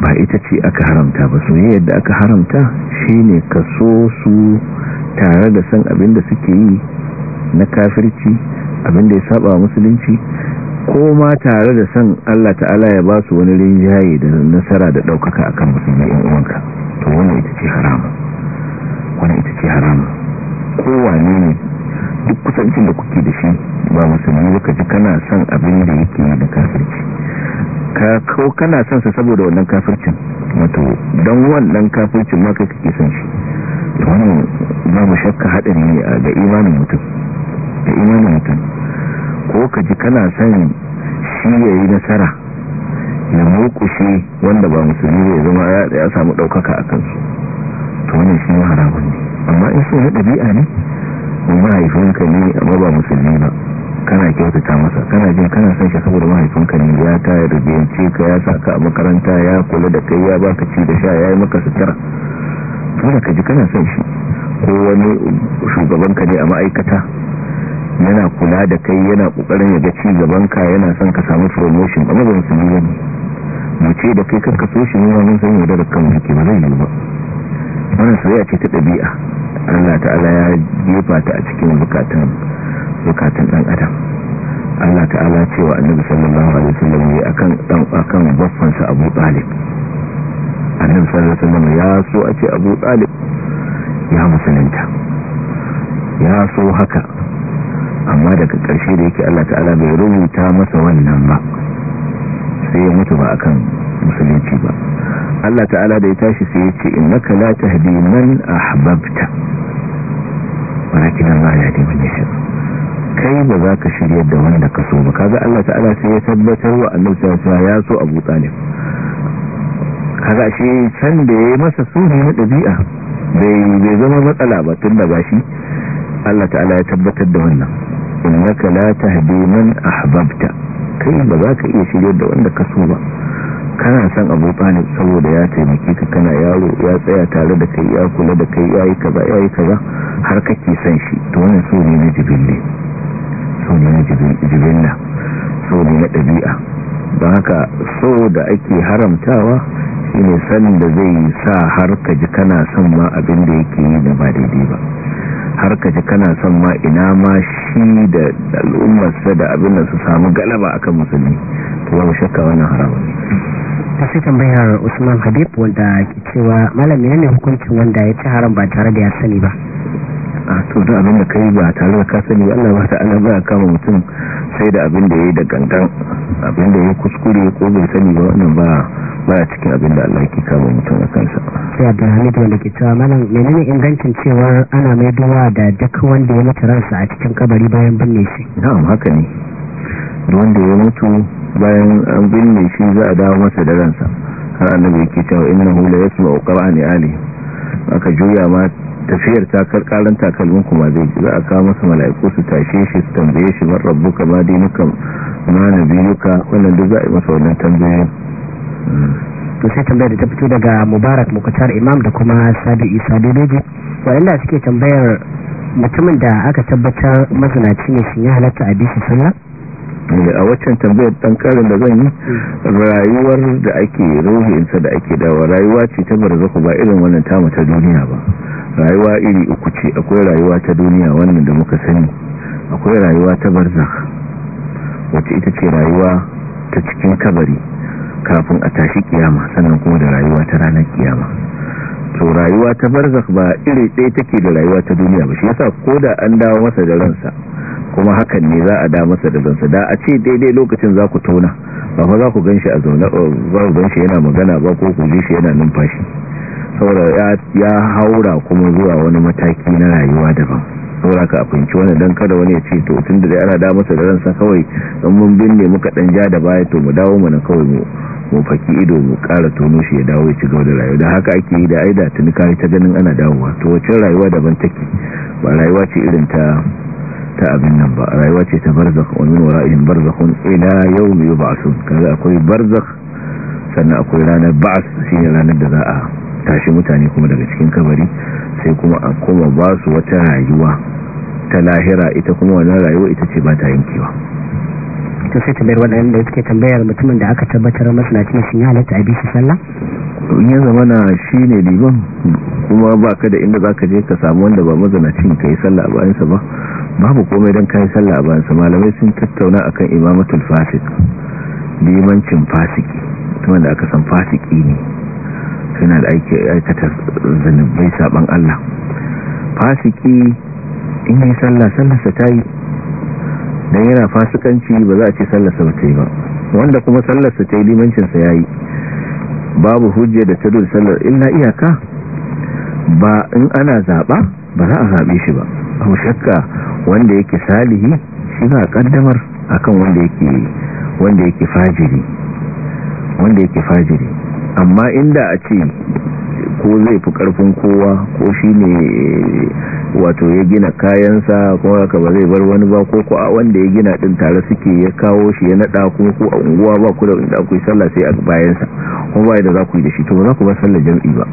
ba ita ce aka haramta ba soyayyar da aka haramta shine ka so su tare da san abin da suke yi na kafirci abin da ya saba musulunci ko ma tare da san Allah ta'ala ya ba su wani rinjaye da nasara da ɗaukaka akan musulmi yan uwanka to wani ita ce harama wani ita ce harama kowane ne duk kusancin da kuke da shi ba musulmi ba ka ji kana son abin da yake da kafirci ka kau kana son sa saboda wannan kafircin wato don wannan kafircin ma kai kake son shi wannan babu shakka hadari ne ga imanin mutum da imanin mutum ko ka ji kana son shi ya yi nasara ya shi wanda ba musulmi ya zama ya samu ɗaukaka a kansu to wannan shi haramun ne amma in sun ɗabi'a ne mahaifinka ne a baba musulmi ba kana kyautata masa kana jin kana son shi saboda mahaifinka ne ya ta rubiyance ka ya sa ka a makaranta ya kula da kai ya baka ci da sha ya yi maka sutura tura ka ji kana son shi ko wani shugabanka ne a ma'aikata yana kula da kai yana kokarin ya ga ci gabanka yana son ka samu promotion amma ba musulmi ba ne mu ce da kai kanka so shi ne mun san yaudar kan jiki ba zai yi ba wannan saya ce ta ɗabi'a Allah ta'ala ya jefa ta a cikin zukatan zukatan dan adam Allah ta'ala cewa annabi sallallahu alaihi wasallam ne akan dan akan babban sa Abu Talib annabi sallallahu alaihi wasallam ya so a ce Abu Talib ya musulunta ya so haka amma daga ƙarshe da yake Allah ta'ala bai rubuta masa wannan ba sai ya mutu ba akan musulunci ba Allah ta'ala da ya tashi sai ya ce innaka la tahdi man ahbabta walakin Allah yahdi man yasha kai ba za ka shirya da wanda ka so ba kaga Allah ta'ala sai ya tabbatar wa annabi sallallahu ya so Abu Talib kaga shi can da yayi masa sune na dabi'a bai bai zama matsala ba tun da gashi Allah ta'ala ya tabbatar da wannan innaka la tahdi man ahbabta kai ba za ka iya shirya da wanda ka so ba kana san abu talib saboda ya taimake ka kana yaro ya tsaya tare da kai ya kula da kai ya yi kaza ya yi kaza har kake son shi to wannan so ne na jibille so ne na jibilla so ne na ɗabi'a ba haka so da ake haramtawa shine ne sanin da zai sa har ka ji kana son ma abin da yake yi da ba daidai ba har ka ji kana son ma ina ma shi da al'ummarsa da abin da su samu galaba akan musulmi to babu shakka wannan haramun ta fi tambayar usman habib wanda ke cewa malam ne hukuncin wanda ya ci haram ba tare da ya sani ba a to da abin da kai ba tare da ka sani Allah ba ana ba kama mutum sai da abin da yi da gangan abin da ya kuskure ko bai sani ba wannan ba ba cikin abin da Allah ke kama mutum a kansa sai Abdulhamid wanda ke cewa malam menene ingancin cewar ana mai duwa da duk wanda ya mutu ransa a cikin kabari bayan binne shi na'am haka ne wanda ya mutu bayan an binne shi za a dawo masa da ransa har annabi yake cewa innahu la yasma'u qur'ani ali aka juya ma tafiyar takar karan takalmin kuma zai ji za a kawo masa mala'iku su tashe shi su tambaye shi man rabbuka ma dinuka ma nabiyuka wannan duk za a yi masa wannan tambaye. to sai tambayar da ta fito daga mubarak mukutar imam da kuma sadi isa dodoji waɗanda suke tambayar mutumin da aka tabbatar mazinaci ne shi ya halatta a bisa sallah Eh, a waccan tambayar dan karin da zan yi hmm. rayuwar da ake ruhinsa da ake dawa rayuwa ce ta barzaku ba irin wannan tamu ta duniya ba rayuwa iri uku ce akwai rayuwa ta duniya wannan da muka sani akwai rayuwa ta barzak wacce ita ce rayuwa ta cikin kabari kafin a tashi kiyama sannan kuma da rayuwa ta ranar kiyama to rayuwa ta barzakh ba iri ɗaya take da rayuwa ta duniya ba shi yasa da an dawo masa da ransa kuma hakan ne za a da masa da ransa da a ce daidai lokacin za ku tona ba fa za ku ganshi a zaune ba ku ganshi yana magana ba ko ku ji shi yana numfashi saboda ya haura kuma zuwa wani mataki na rayuwa daban saboda ka ci wani dan kada wani ya ce to tun da ana da masa da ransa kawai don mun binne muka dan ja da baya to mu dawo mana kawai mu mu ido mu kara tono shi ya dawo ya ci gaba da rayuwa da haka ake yi da aida tuni kayi ta ganin ana dawowa to wacce rayuwa daban take ba rayuwa ce irin ta ta abin nan ba rayuwa ce ta barzakh wa min wara'in barzakhun ila yawmi yub'athun kaza akwai barzak sannan akwai ranar ba'as shine ranar da za a tashi mutane kuma daga cikin kabari sai kuma a koma ba su wata rayuwa ta lahira ita kuma wannan rayuwa ita ce ba ta yankewa to sai tambayar waɗanda suke tambayar mutumin da aka tabbatar masu na cikin sun yi halatta a bisu sallah zama na shi ne liban kuma ba ka da inda za ka je ka samu wanda ba mazanacin ka yi sallah a bayansa ba babu komai don ka yi sallah a bayansa malamai sun tattauna akan imamatul fasik limancin fasiki mutumin da aka san fasiki ne suna da aikata zanubai saban allah fasiki in yi sallah sallarsa ta yi dan yana fasikanci ba za a ce sallarsa ba ta yi ba wanda kuma sallarsa ta yi limancinsa ya yi babu hujja da ta sallar illa iyaka ba in ana zaɓa ba za a zaɓe shi ba abu shakka wanda yake salihi shi ba ƙaddamar akan wanda yake wanda fajiri wanda yake fajiri amma inda a ce ko zai fi karfin kowa ko shi ne wato ya gina kayansa kuma haka ba zai bar wani ba ko ko a wanda ya gina din tare suke ya kawo shi ya nada kuma ko a unguwa ba ku da inda ku yi sallah sai a bayansa kuma ba da za ku yi da shi to ba za ku ba sallar jam'i ba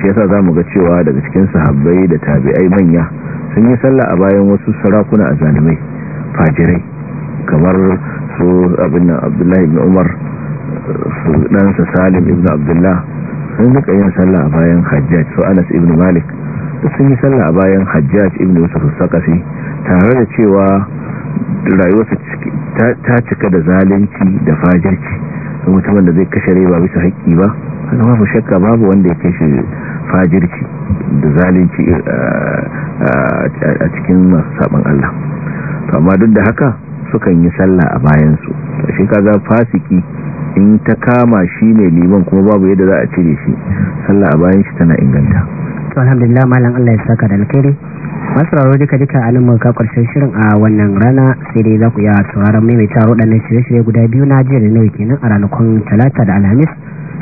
shi yasa zamu ga cewa daga cikin sahabbai da tabi'ai manya sun yi sallah a bayan wasu sarakuna a zalimai fajirai kamar su abin nan abdullahi ibn umar su ɗansa salim ibn abdullah sun rika yin sallah a bayan hajjaj su anas ibn malik da sun yi sallah a bayan hajjaj ibn yusuf sakasi tare da cewa rayuwarsa ta cika da zalunci da fajirci mutumin da zai kashe rai ba bisa haƙƙi ba haka babu shakka babu wanda ya kashe fajirci da zalunci eh, eh, a cikin masu saɓin Allah amma duk da haka sukan yi sallah a bayansu shi za fasiki in ta kama shi ne liman kuma babu yadda za a cire shi sallah a bayan shi tana inganta alhamdulillah malam Allah ya saka da alkhairi masu raro duka duka a nan muka karshen shirin a wannan rana sai dai za ku iya mai maimaita waɗannan shirye-shirye guda biyu na jiya da nawa kenan a ranakun talata da alhamis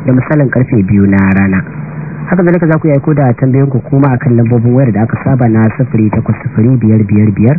da misalin karfe biyu na rana haka zalika za ku iya aiko da ku kuma akan lambobin wayar da aka saba na sufuri takwas sufuri biyar biyar biyar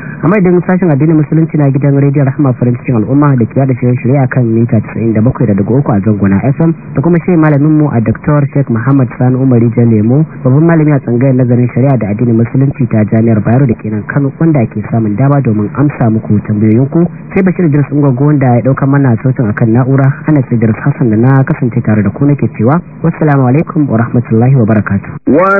amma idan sashen addinin musulunci na gidan rediyon rahama farin cikin al'umma da ke da shirye shirye kan mita 97.3 a zanguna fm da kuma shi malamin mu a dr sheikh muhammad sani umari lemo babban malami a tsangayar nazarin shari'a da addinin musulunci ta jami'ar bayero da kenan kano wanda ake samun dama domin amsa muku tambayoyinku sai bashir idris ungwago wanda ya dauka mana sautin akan na'ura ana idris hassan da na kasance tare da ku na ke cewa wassalamu alaikum wa rahmatullahi wa barakatuh